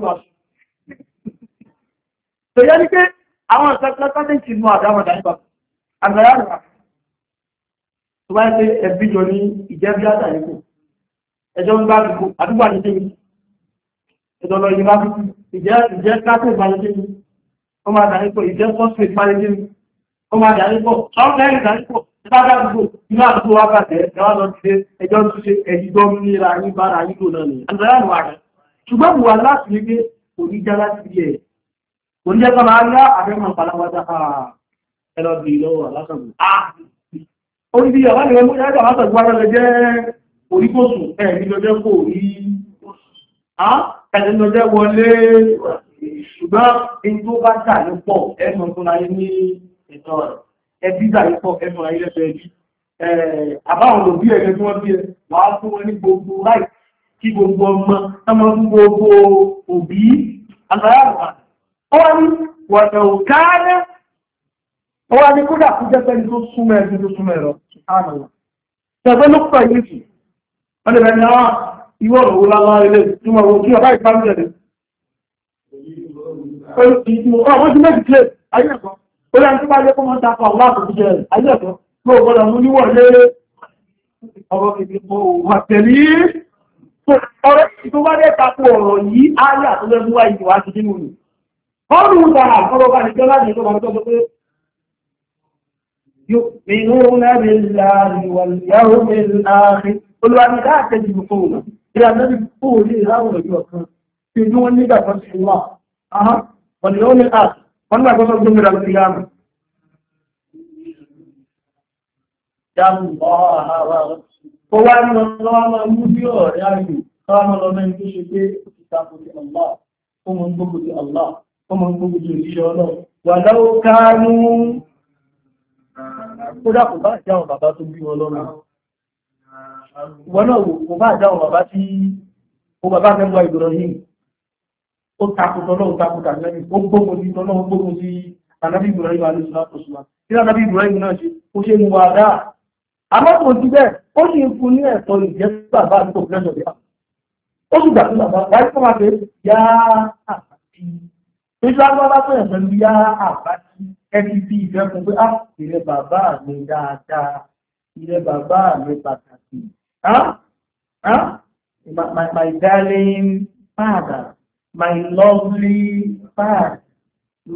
àwọn ìsẹ́kẹ́kẹ́ ti nu tó bá ṣe ẹbí jọ ní ìjẹ́bí àtàríkù ẹjọ́ ń bá dùkú àdúgbò àjẹ́jẹ́ mi ẹjọ́ lọ ìyẹn bá fi ìjẹ́ ìjẹ́ káàkiri ìbàjẹ́jẹ́ mi ó máa dàrí pọ̀ ìjẹ́ fọ́sùn ìbàjẹ́jẹ́ mi ó máa dàrí pọ̀ sọ́ọ́ kẹ́rin dàrí pọ̀ ìbájá gbogbo inú àdúgbò wá bàtẹ́ ẹ̀wà lọ sí ẹjọ́ ń ṣe ẹ̀yìnbọn níra yín bára yín lò náà nìyẹn àdúrà nù àrẹ ṣùgbọ́n wà láti rí pé oníjà láti rí ẹ̀ oníjà kan máa ń lá àfẹ́mọ̀ pàlàwọ́dá orí bí àwọn ìrẹ́ mú yàtọ̀ látàgbára lẹ jẹ́ oríkòsùn ẹ̀mí lọ́jẹ́ kò rí ẹ̀mí lọ́jẹ́ wọlé ṣùgbọ́n in tó bá jà ní pọ̀ ẹ̀mọ̀ tó láyé ní ẹ̀tọ́ rẹ̀ ẹbí jà ní pọ̀ ẹ̀mọ̀ ayé lẹ́fẹ̀ẹ́ ẹbí àbáwọn òbí ẹ̀yẹ tí wọ́n bí ẹ wàá fún wọn ní gbogbo láì kí gbogbo ọmọ ọmọ fún gbogbo òbí àtàrà àwọn ọwọ́ ní wọ̀nà òkáàrẹ́ wọ́n wá ní kódà kú jẹ́ pẹ́ni tó súnmọ́ ẹni tó súnmọ́ ẹ̀rọ ṣùgbọ́n tẹ̀fẹ́ ló pẹ̀ yìí sí wọ́n lè bẹ̀rẹ̀ àwọn ah, ìwọ òwò lọ́wọ́ ilé tí wọ́n wò kí ọba ìpamọ́ jẹ̀dẹ̀ ọmọ sí méjì kílẹ̀ ayẹ́kọ̀ọ́ ó lẹ́nu tó bá yẹ kó mọ́ ta pa ọ̀la àkókò jẹ́ ayẹ́kọ̀ọ́ ló gbọ́dọ̀ mú níwọ̀ lé ọ̀rọ̀ kìkì mo wà tẹ̀lé ọ̀rọ̀ tó bá dé tako ọ̀rọ̀ yìí áyà tó lẹ́nu wáyé wá ti dínú ni. ọ̀rùn dára ọ̀rọ̀ bá nìkan láti ẹ̀kọ́ يؤمنون بالله واليوم الآخر قلوا أن لا تجبقون إلى لي قول ولا رجوع في دون نجا فتح الله أها واليوم الآخر وما قصد من القيامة يا الله هو الله مدير يعني قام لمن يشكي كتابه الله ومن بغض الله ومن بغض الله ولو كانوا kó dákò bá jáwọn bàbá tó bí wọn lọ́rùn wọn náà kò bá jáwọn bàbá tí ó bàbá fẹ́ wá ìdọ̀rọ̀ yìí ó takùtọ̀ náà takùtà lẹ́yìn ó gbógun sí tọ́lọ́ ó gbógun sí anábì Ibrahim alẹ́sùlápọ̀sùlá kí anábì Ibrahim náà ṣe ó ṣe ń wà dáa àmọ́ kò sí bẹ́ẹ̀ ó sì ń fún ní ẹ̀tọ́ ìjẹ́ bàbá àdúgbò lẹ́sọ̀ bí ó sì gbà fún bàbá wáyé kọ́ máa fẹ́ yá àbá ẹni bí ìfẹ́kùn pé ìrẹ́ ah, bàbá mi dáadáa ìrẹ́ bàbá mi pàtàkì ah, ah, my, my darling father my lovely father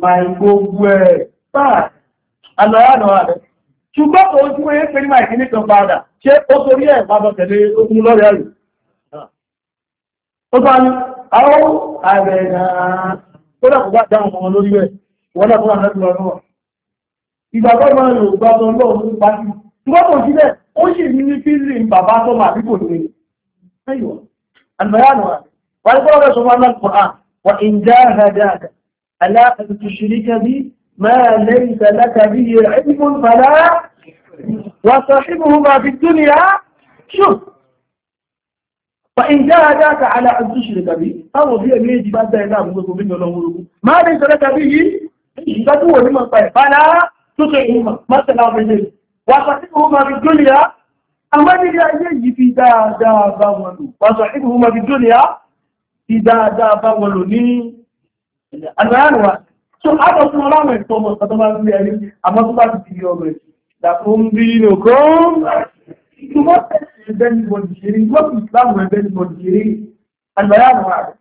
my gbogbo ẹ̀ father alọ́yàdọ̀ rẹ̀ ṣùgbọ́n tó ojú ẹ̀ pé ní my ìdílé kan padà ṣé ó torí ẹ̀ bá bọ̀ tẹ̀lé ogun lọ́rẹ̀ rẹ̀ ó bá ní àwọn ààrẹ náà tó dàkú dáhùn ọmọ lórí rẹ̀ wọ́n lọ́pọ̀ àmẹ́bìnrin ọlọ́wọ́ ìgbàgbọ́ máa lò gbọ́dọ̀ lọ́wọ́ ní pàtí tùbọ́bọ̀ sílẹ̀ ó sì ní ní fíìlì bàbá tó mà على أن تشرك ما ليس لك به ìgbàtí wò ní mọ̀ pa ìfàlá tó ṣe ìmọ̀ mọ́sẹ̀lá ọmọdé wà sọ sí ìhùn máa fi dúnìyà àmọ́dé ayé yìí fi dáadáa bá wọn lò wà sọ sí ìhùn máa fi dúnìyà fi dáadáa bá wọn lò ní àgbàyànwà tó àbọ̀ tí wọ́n láwọn ẹ̀tọ́ ọmọ ọ̀tọ́ bá gbé ẹni àmọ́ tó bá ti di ọmọ ẹ̀ dàpọ̀ ń bí inú kan ṣùgbọ́n ẹ̀sìn ẹ̀bẹ́ ni mo dìṣeré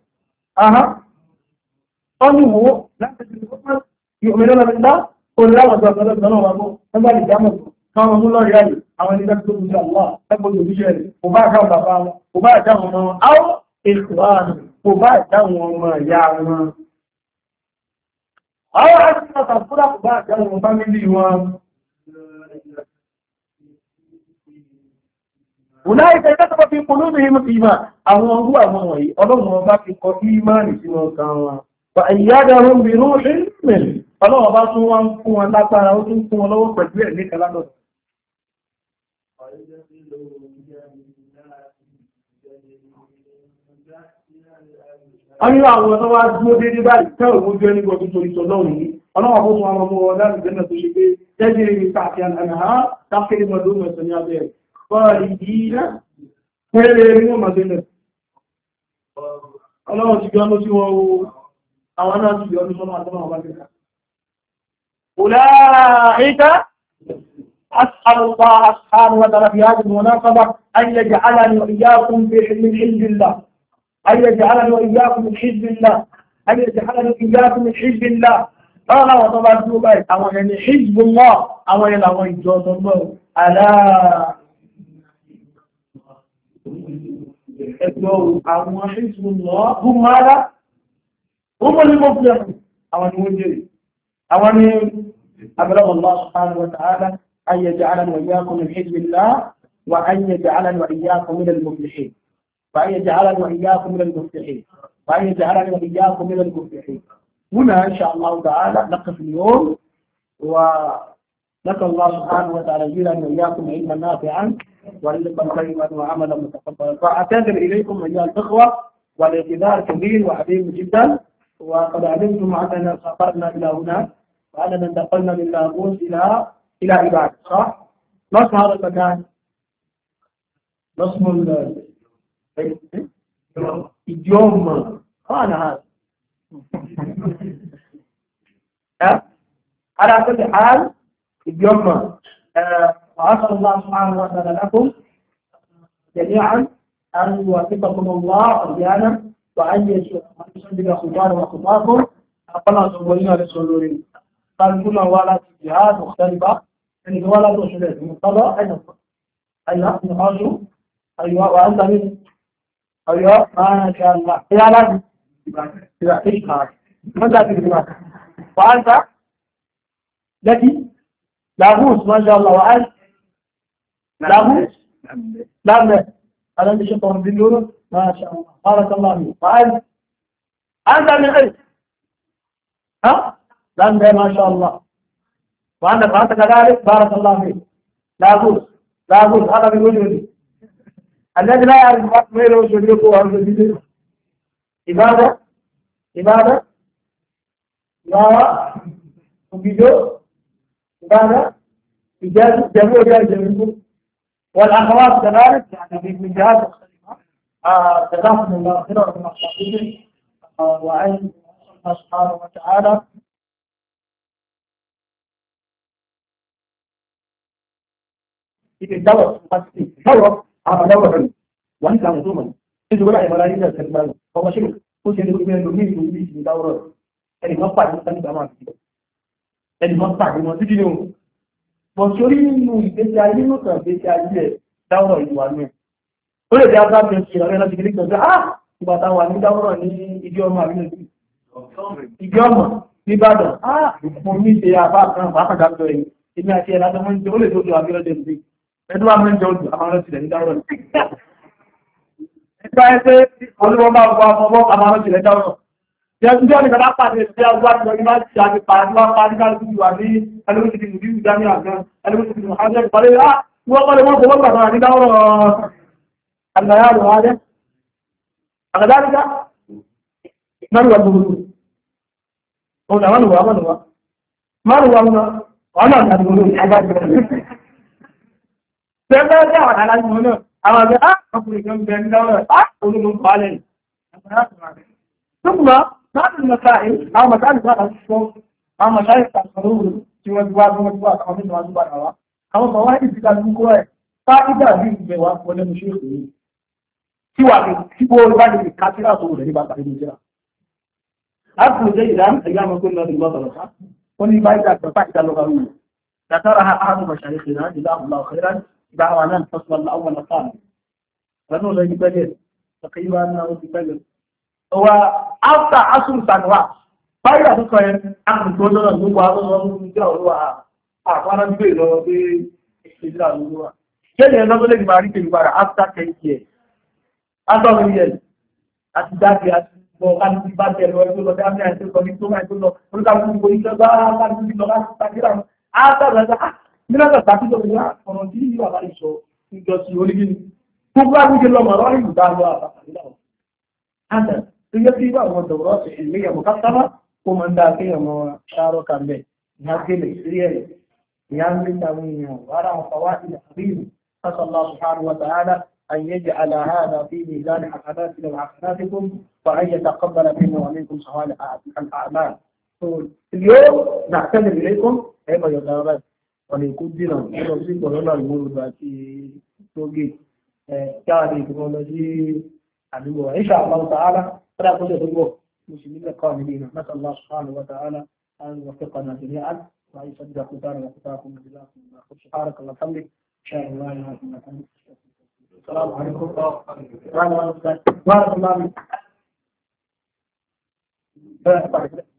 يؤمنون بالله قل لا وزاد ولا زنا وابو هذا اللي جامد كان من الله يعني أو أن يكتب إن شاء الله تقول بجهل وباع كم بابا وباع كم ماما أو إخوان وباع كم ماما يا ماما أو أصلا تقول وباع كم ماما من ديوان Òláìsẹ̀ ìjọ́sọ́fọ́ fi polómi ìmọ̀ àwọn ọgbọ́ àwọn wọ̀nyí, ọlọ́run ọba fi kọ bí ìmáà nì sínú ọkàn wọn. فأيدهم بروح منه فلو أباطوا وانكوا ونطا وتنكوا ولو بدوع لك لك Ayúwà àwọn ọ̀tọ́ wá dúó dédé báyìí tẹ́rù mú jẹ́ nígbà tó torí sọ́lọ́ yìí, ọlọ́wà fún àwọn ọmọ ọ̀dá ìgbẹ́nà tó ṣe pé jẹ́jẹ́ ìrìn tààkì àmàrá tákìrí أولئك أسأل الله سبحانه وتعالى في هذه المناسبة أن يجعلني وإياكم من حزب الله أن يجعلني وإياكم من حزب الله أن يجعلني وإياكم من حزب الله قال وطبعا دوبي أو يعني حزب الله أو إلى وين الله ألا أقول أو حزب الله هم ماذا؟ هم المفلحون أو المجرمون أو أبلغ الله سبحانه وتعالى أن يجعلنا وإياكم من حزب الله وأن يجعلنا وإياكم من المفلحين وأن يجعلنا وإياكم من المفلحين وأن يجعلنا وإياكم من المفلحين هنا إن شاء الله تعالى نقف اليوم ونسأل الله سبحانه وتعالى يجعلنا وإياكم علما نافعا ورزقا طيبا وعملا متقبلا فأعتذر إليكم أيها الإخوة والاعتذار كبير وعظيم جدا وقد علمتم أننا سافرنا إلى هناك وأننا انتقلنا من لاغوس إلى إلى عباد صح؟ اسم هذا المكان ال اليوم كان هذا على كل حال اليوم آه، وعسى الله سبحانه وتعالى لكم جميعا أن يوفقكم الله أحيانا وعيشوا من صدق خطار وخطاكم أقل أصبرين لسلورين قال كنا ولا جهات مختلفة إن ولا تشريك مضطر أن أن نقاشوا أيوة وأنت من أيوة ما شاء الله إلى الآن إلى إيش هذا ماذا تقول وأنت التي لابوس ما شاء الله وأنت لابوس لابوس هل أنت شطر باللولو؟ ما شاء الله بارك الله فيك قال طيب. أنت من أين؟ ها؟ لأنت ما شاء الله وأنت فأنت كذلك بارك الله فيك لا أقول لا أقول هذا من وجودي الذي لا يعرف ما له شريك وأرض إبادة إبادة لا وجود إبادة إجازة جميع جميع والأخوات كذلك يعني في جهات مختلفة آه، جزاكم الله خيرا وعلم آه، الله سبحانه وتعالى في الدور في الدور هذا دور علم وانت مظلوما في دولة ملايين الكلمان هو شيء كل شيء يقول من المهم يقول من دور يعني مقطع من المقطع من المقطع من المقطع Mọ̀ sórí nínú ìgbésí ayé lókà ìgbésí ayé ẹ̀ dáwọ̀ ìwà náà. Ó lè jẹ́ abájọ sí ọ̀rẹ́ láti gírí kan sí, "Ah! Ìgbà táwà ní dáwọ̀ ní ìdí ọmọ àbí lójú. Ìdí ọmọ níbàdàn, "Ah! Mo ní ṣe àbá kan pàápàá dájọ́ yìí. Èmi àti ẹ̀ lájọ́ mọ́ ń jẹ, ó lè tó jọ àbí lọ́jọ́ ìgbé. Ẹdún wa mọ́ ń jẹ ojú, àwọn ọ̀rẹ́ tilẹ̀ ní dáwọ̀. Ìgbà ẹgbẹ́ olúwọ́ máa wọ àwọn ọmọ àmọ́ ọ̀rẹ́ tilẹ̀ dáwọ̀. Ìjọ́ ni bàbá pàdé ìgbé agbájọ ìgbà tí a ti pàdé wá pàdé ká lórí wà ní ẹlẹ́wọ̀sìdì ìlú ìdámi àgbọn, ẹlẹ́wọ̀sìdì ìmọ̀hájẹ́ ìpàdé rá wọ́n pàdé wọ́n kò wọ́n gbàtàrà ní dáwọ́rọ̀ àgbàyà rọ̀ wájẹ́. Àgbàdáríká, mẹ́rùwà gbogbo. Ọ̀nà wọn wà wọn wà. Mẹ́rùwà wọn ọ̀nà àgbàgbogbo àgbàgbogbo. Bẹ́ẹ̀ bẹ́ẹ̀ àwọn aláìmọ̀ náà, àwọn àgbẹ̀ ah, ọkùnrin kan bẹ̀rẹ̀ dáwọ́rọ̀ ah, á, ológun pàálẹ̀. Àgbàdá بعض المسائل أو مسائل بتاعت الصوت أو مسائل بتاعت الحروب سوى جواب ومجواب أو من واجب أو أو مواهب بتاعت المكوى فإذا بين جواب ولا مشيخ بيه سوى سوى البعض كثيرة طول هي بعض المجرى أقول جيدا أيام كنا في البطلة قل لي بعد فتحت اللغوية ذكرها أحد مشايخنا جزاه الله خيرا دعوانا الفصل الأول الثاني فنقول لي بجد تقريبا أنه بجد wa after asum sanwa báyìí àtúntò yẹn àtúntò lọ́nà ló wà lọ́nà ló ń jẹ́ ọ̀rọ̀ àpárá gbé lọ pé ìṣẹ́lẹ̀ àlúgbò wà kéde ẹ̀ lọ́gbọ́n lẹ́gbẹ̀ẹ́ àrí kèrè padà after ten years after ten years àti dáàbì àti bọ̀ kálukú bá tẹ̀ lọ ẹgbẹ́ lọ dáàbì àti sọ ní tó máa tó lọ olùkàlùkù kò ní sọ́gbà kálukú lọ láti sàkírà after that mílíọ̀nù sàkíjọ ìlú àkọ̀rọ̀ tí yìí wà láì sọ ìjọsìn onígbìn gbogbo àgbègbè lọ́mọ يبدي دورات علمية مقطبة ومن داخل مشارو كان به نحكي لإسرائيل يان يعني من دوين وراء فوائد حبيب فس الله سبحانه وتعالى أن يجعل هذا في ميزان حسناتنا وحسناتكم وأن يتقبل منا ومنكم صالح الأعمال اليوم نعتذر إليكم أيضا يا دارات ونقدر أن نرزق لنا المربى في توقيت آه، تاريخ ونجيب ان شاء الله تعالى فلا بد ذنوب مسلمين قانونين نسأل الله سبحانه وتعالى أن يوفقنا جميعا وأن يصدق قدرنا وقدركم بالله سبحانك اللهم وبحمدك شاء الله لا إله إلا أنت السلام عليكم ورحمة الله وبركاته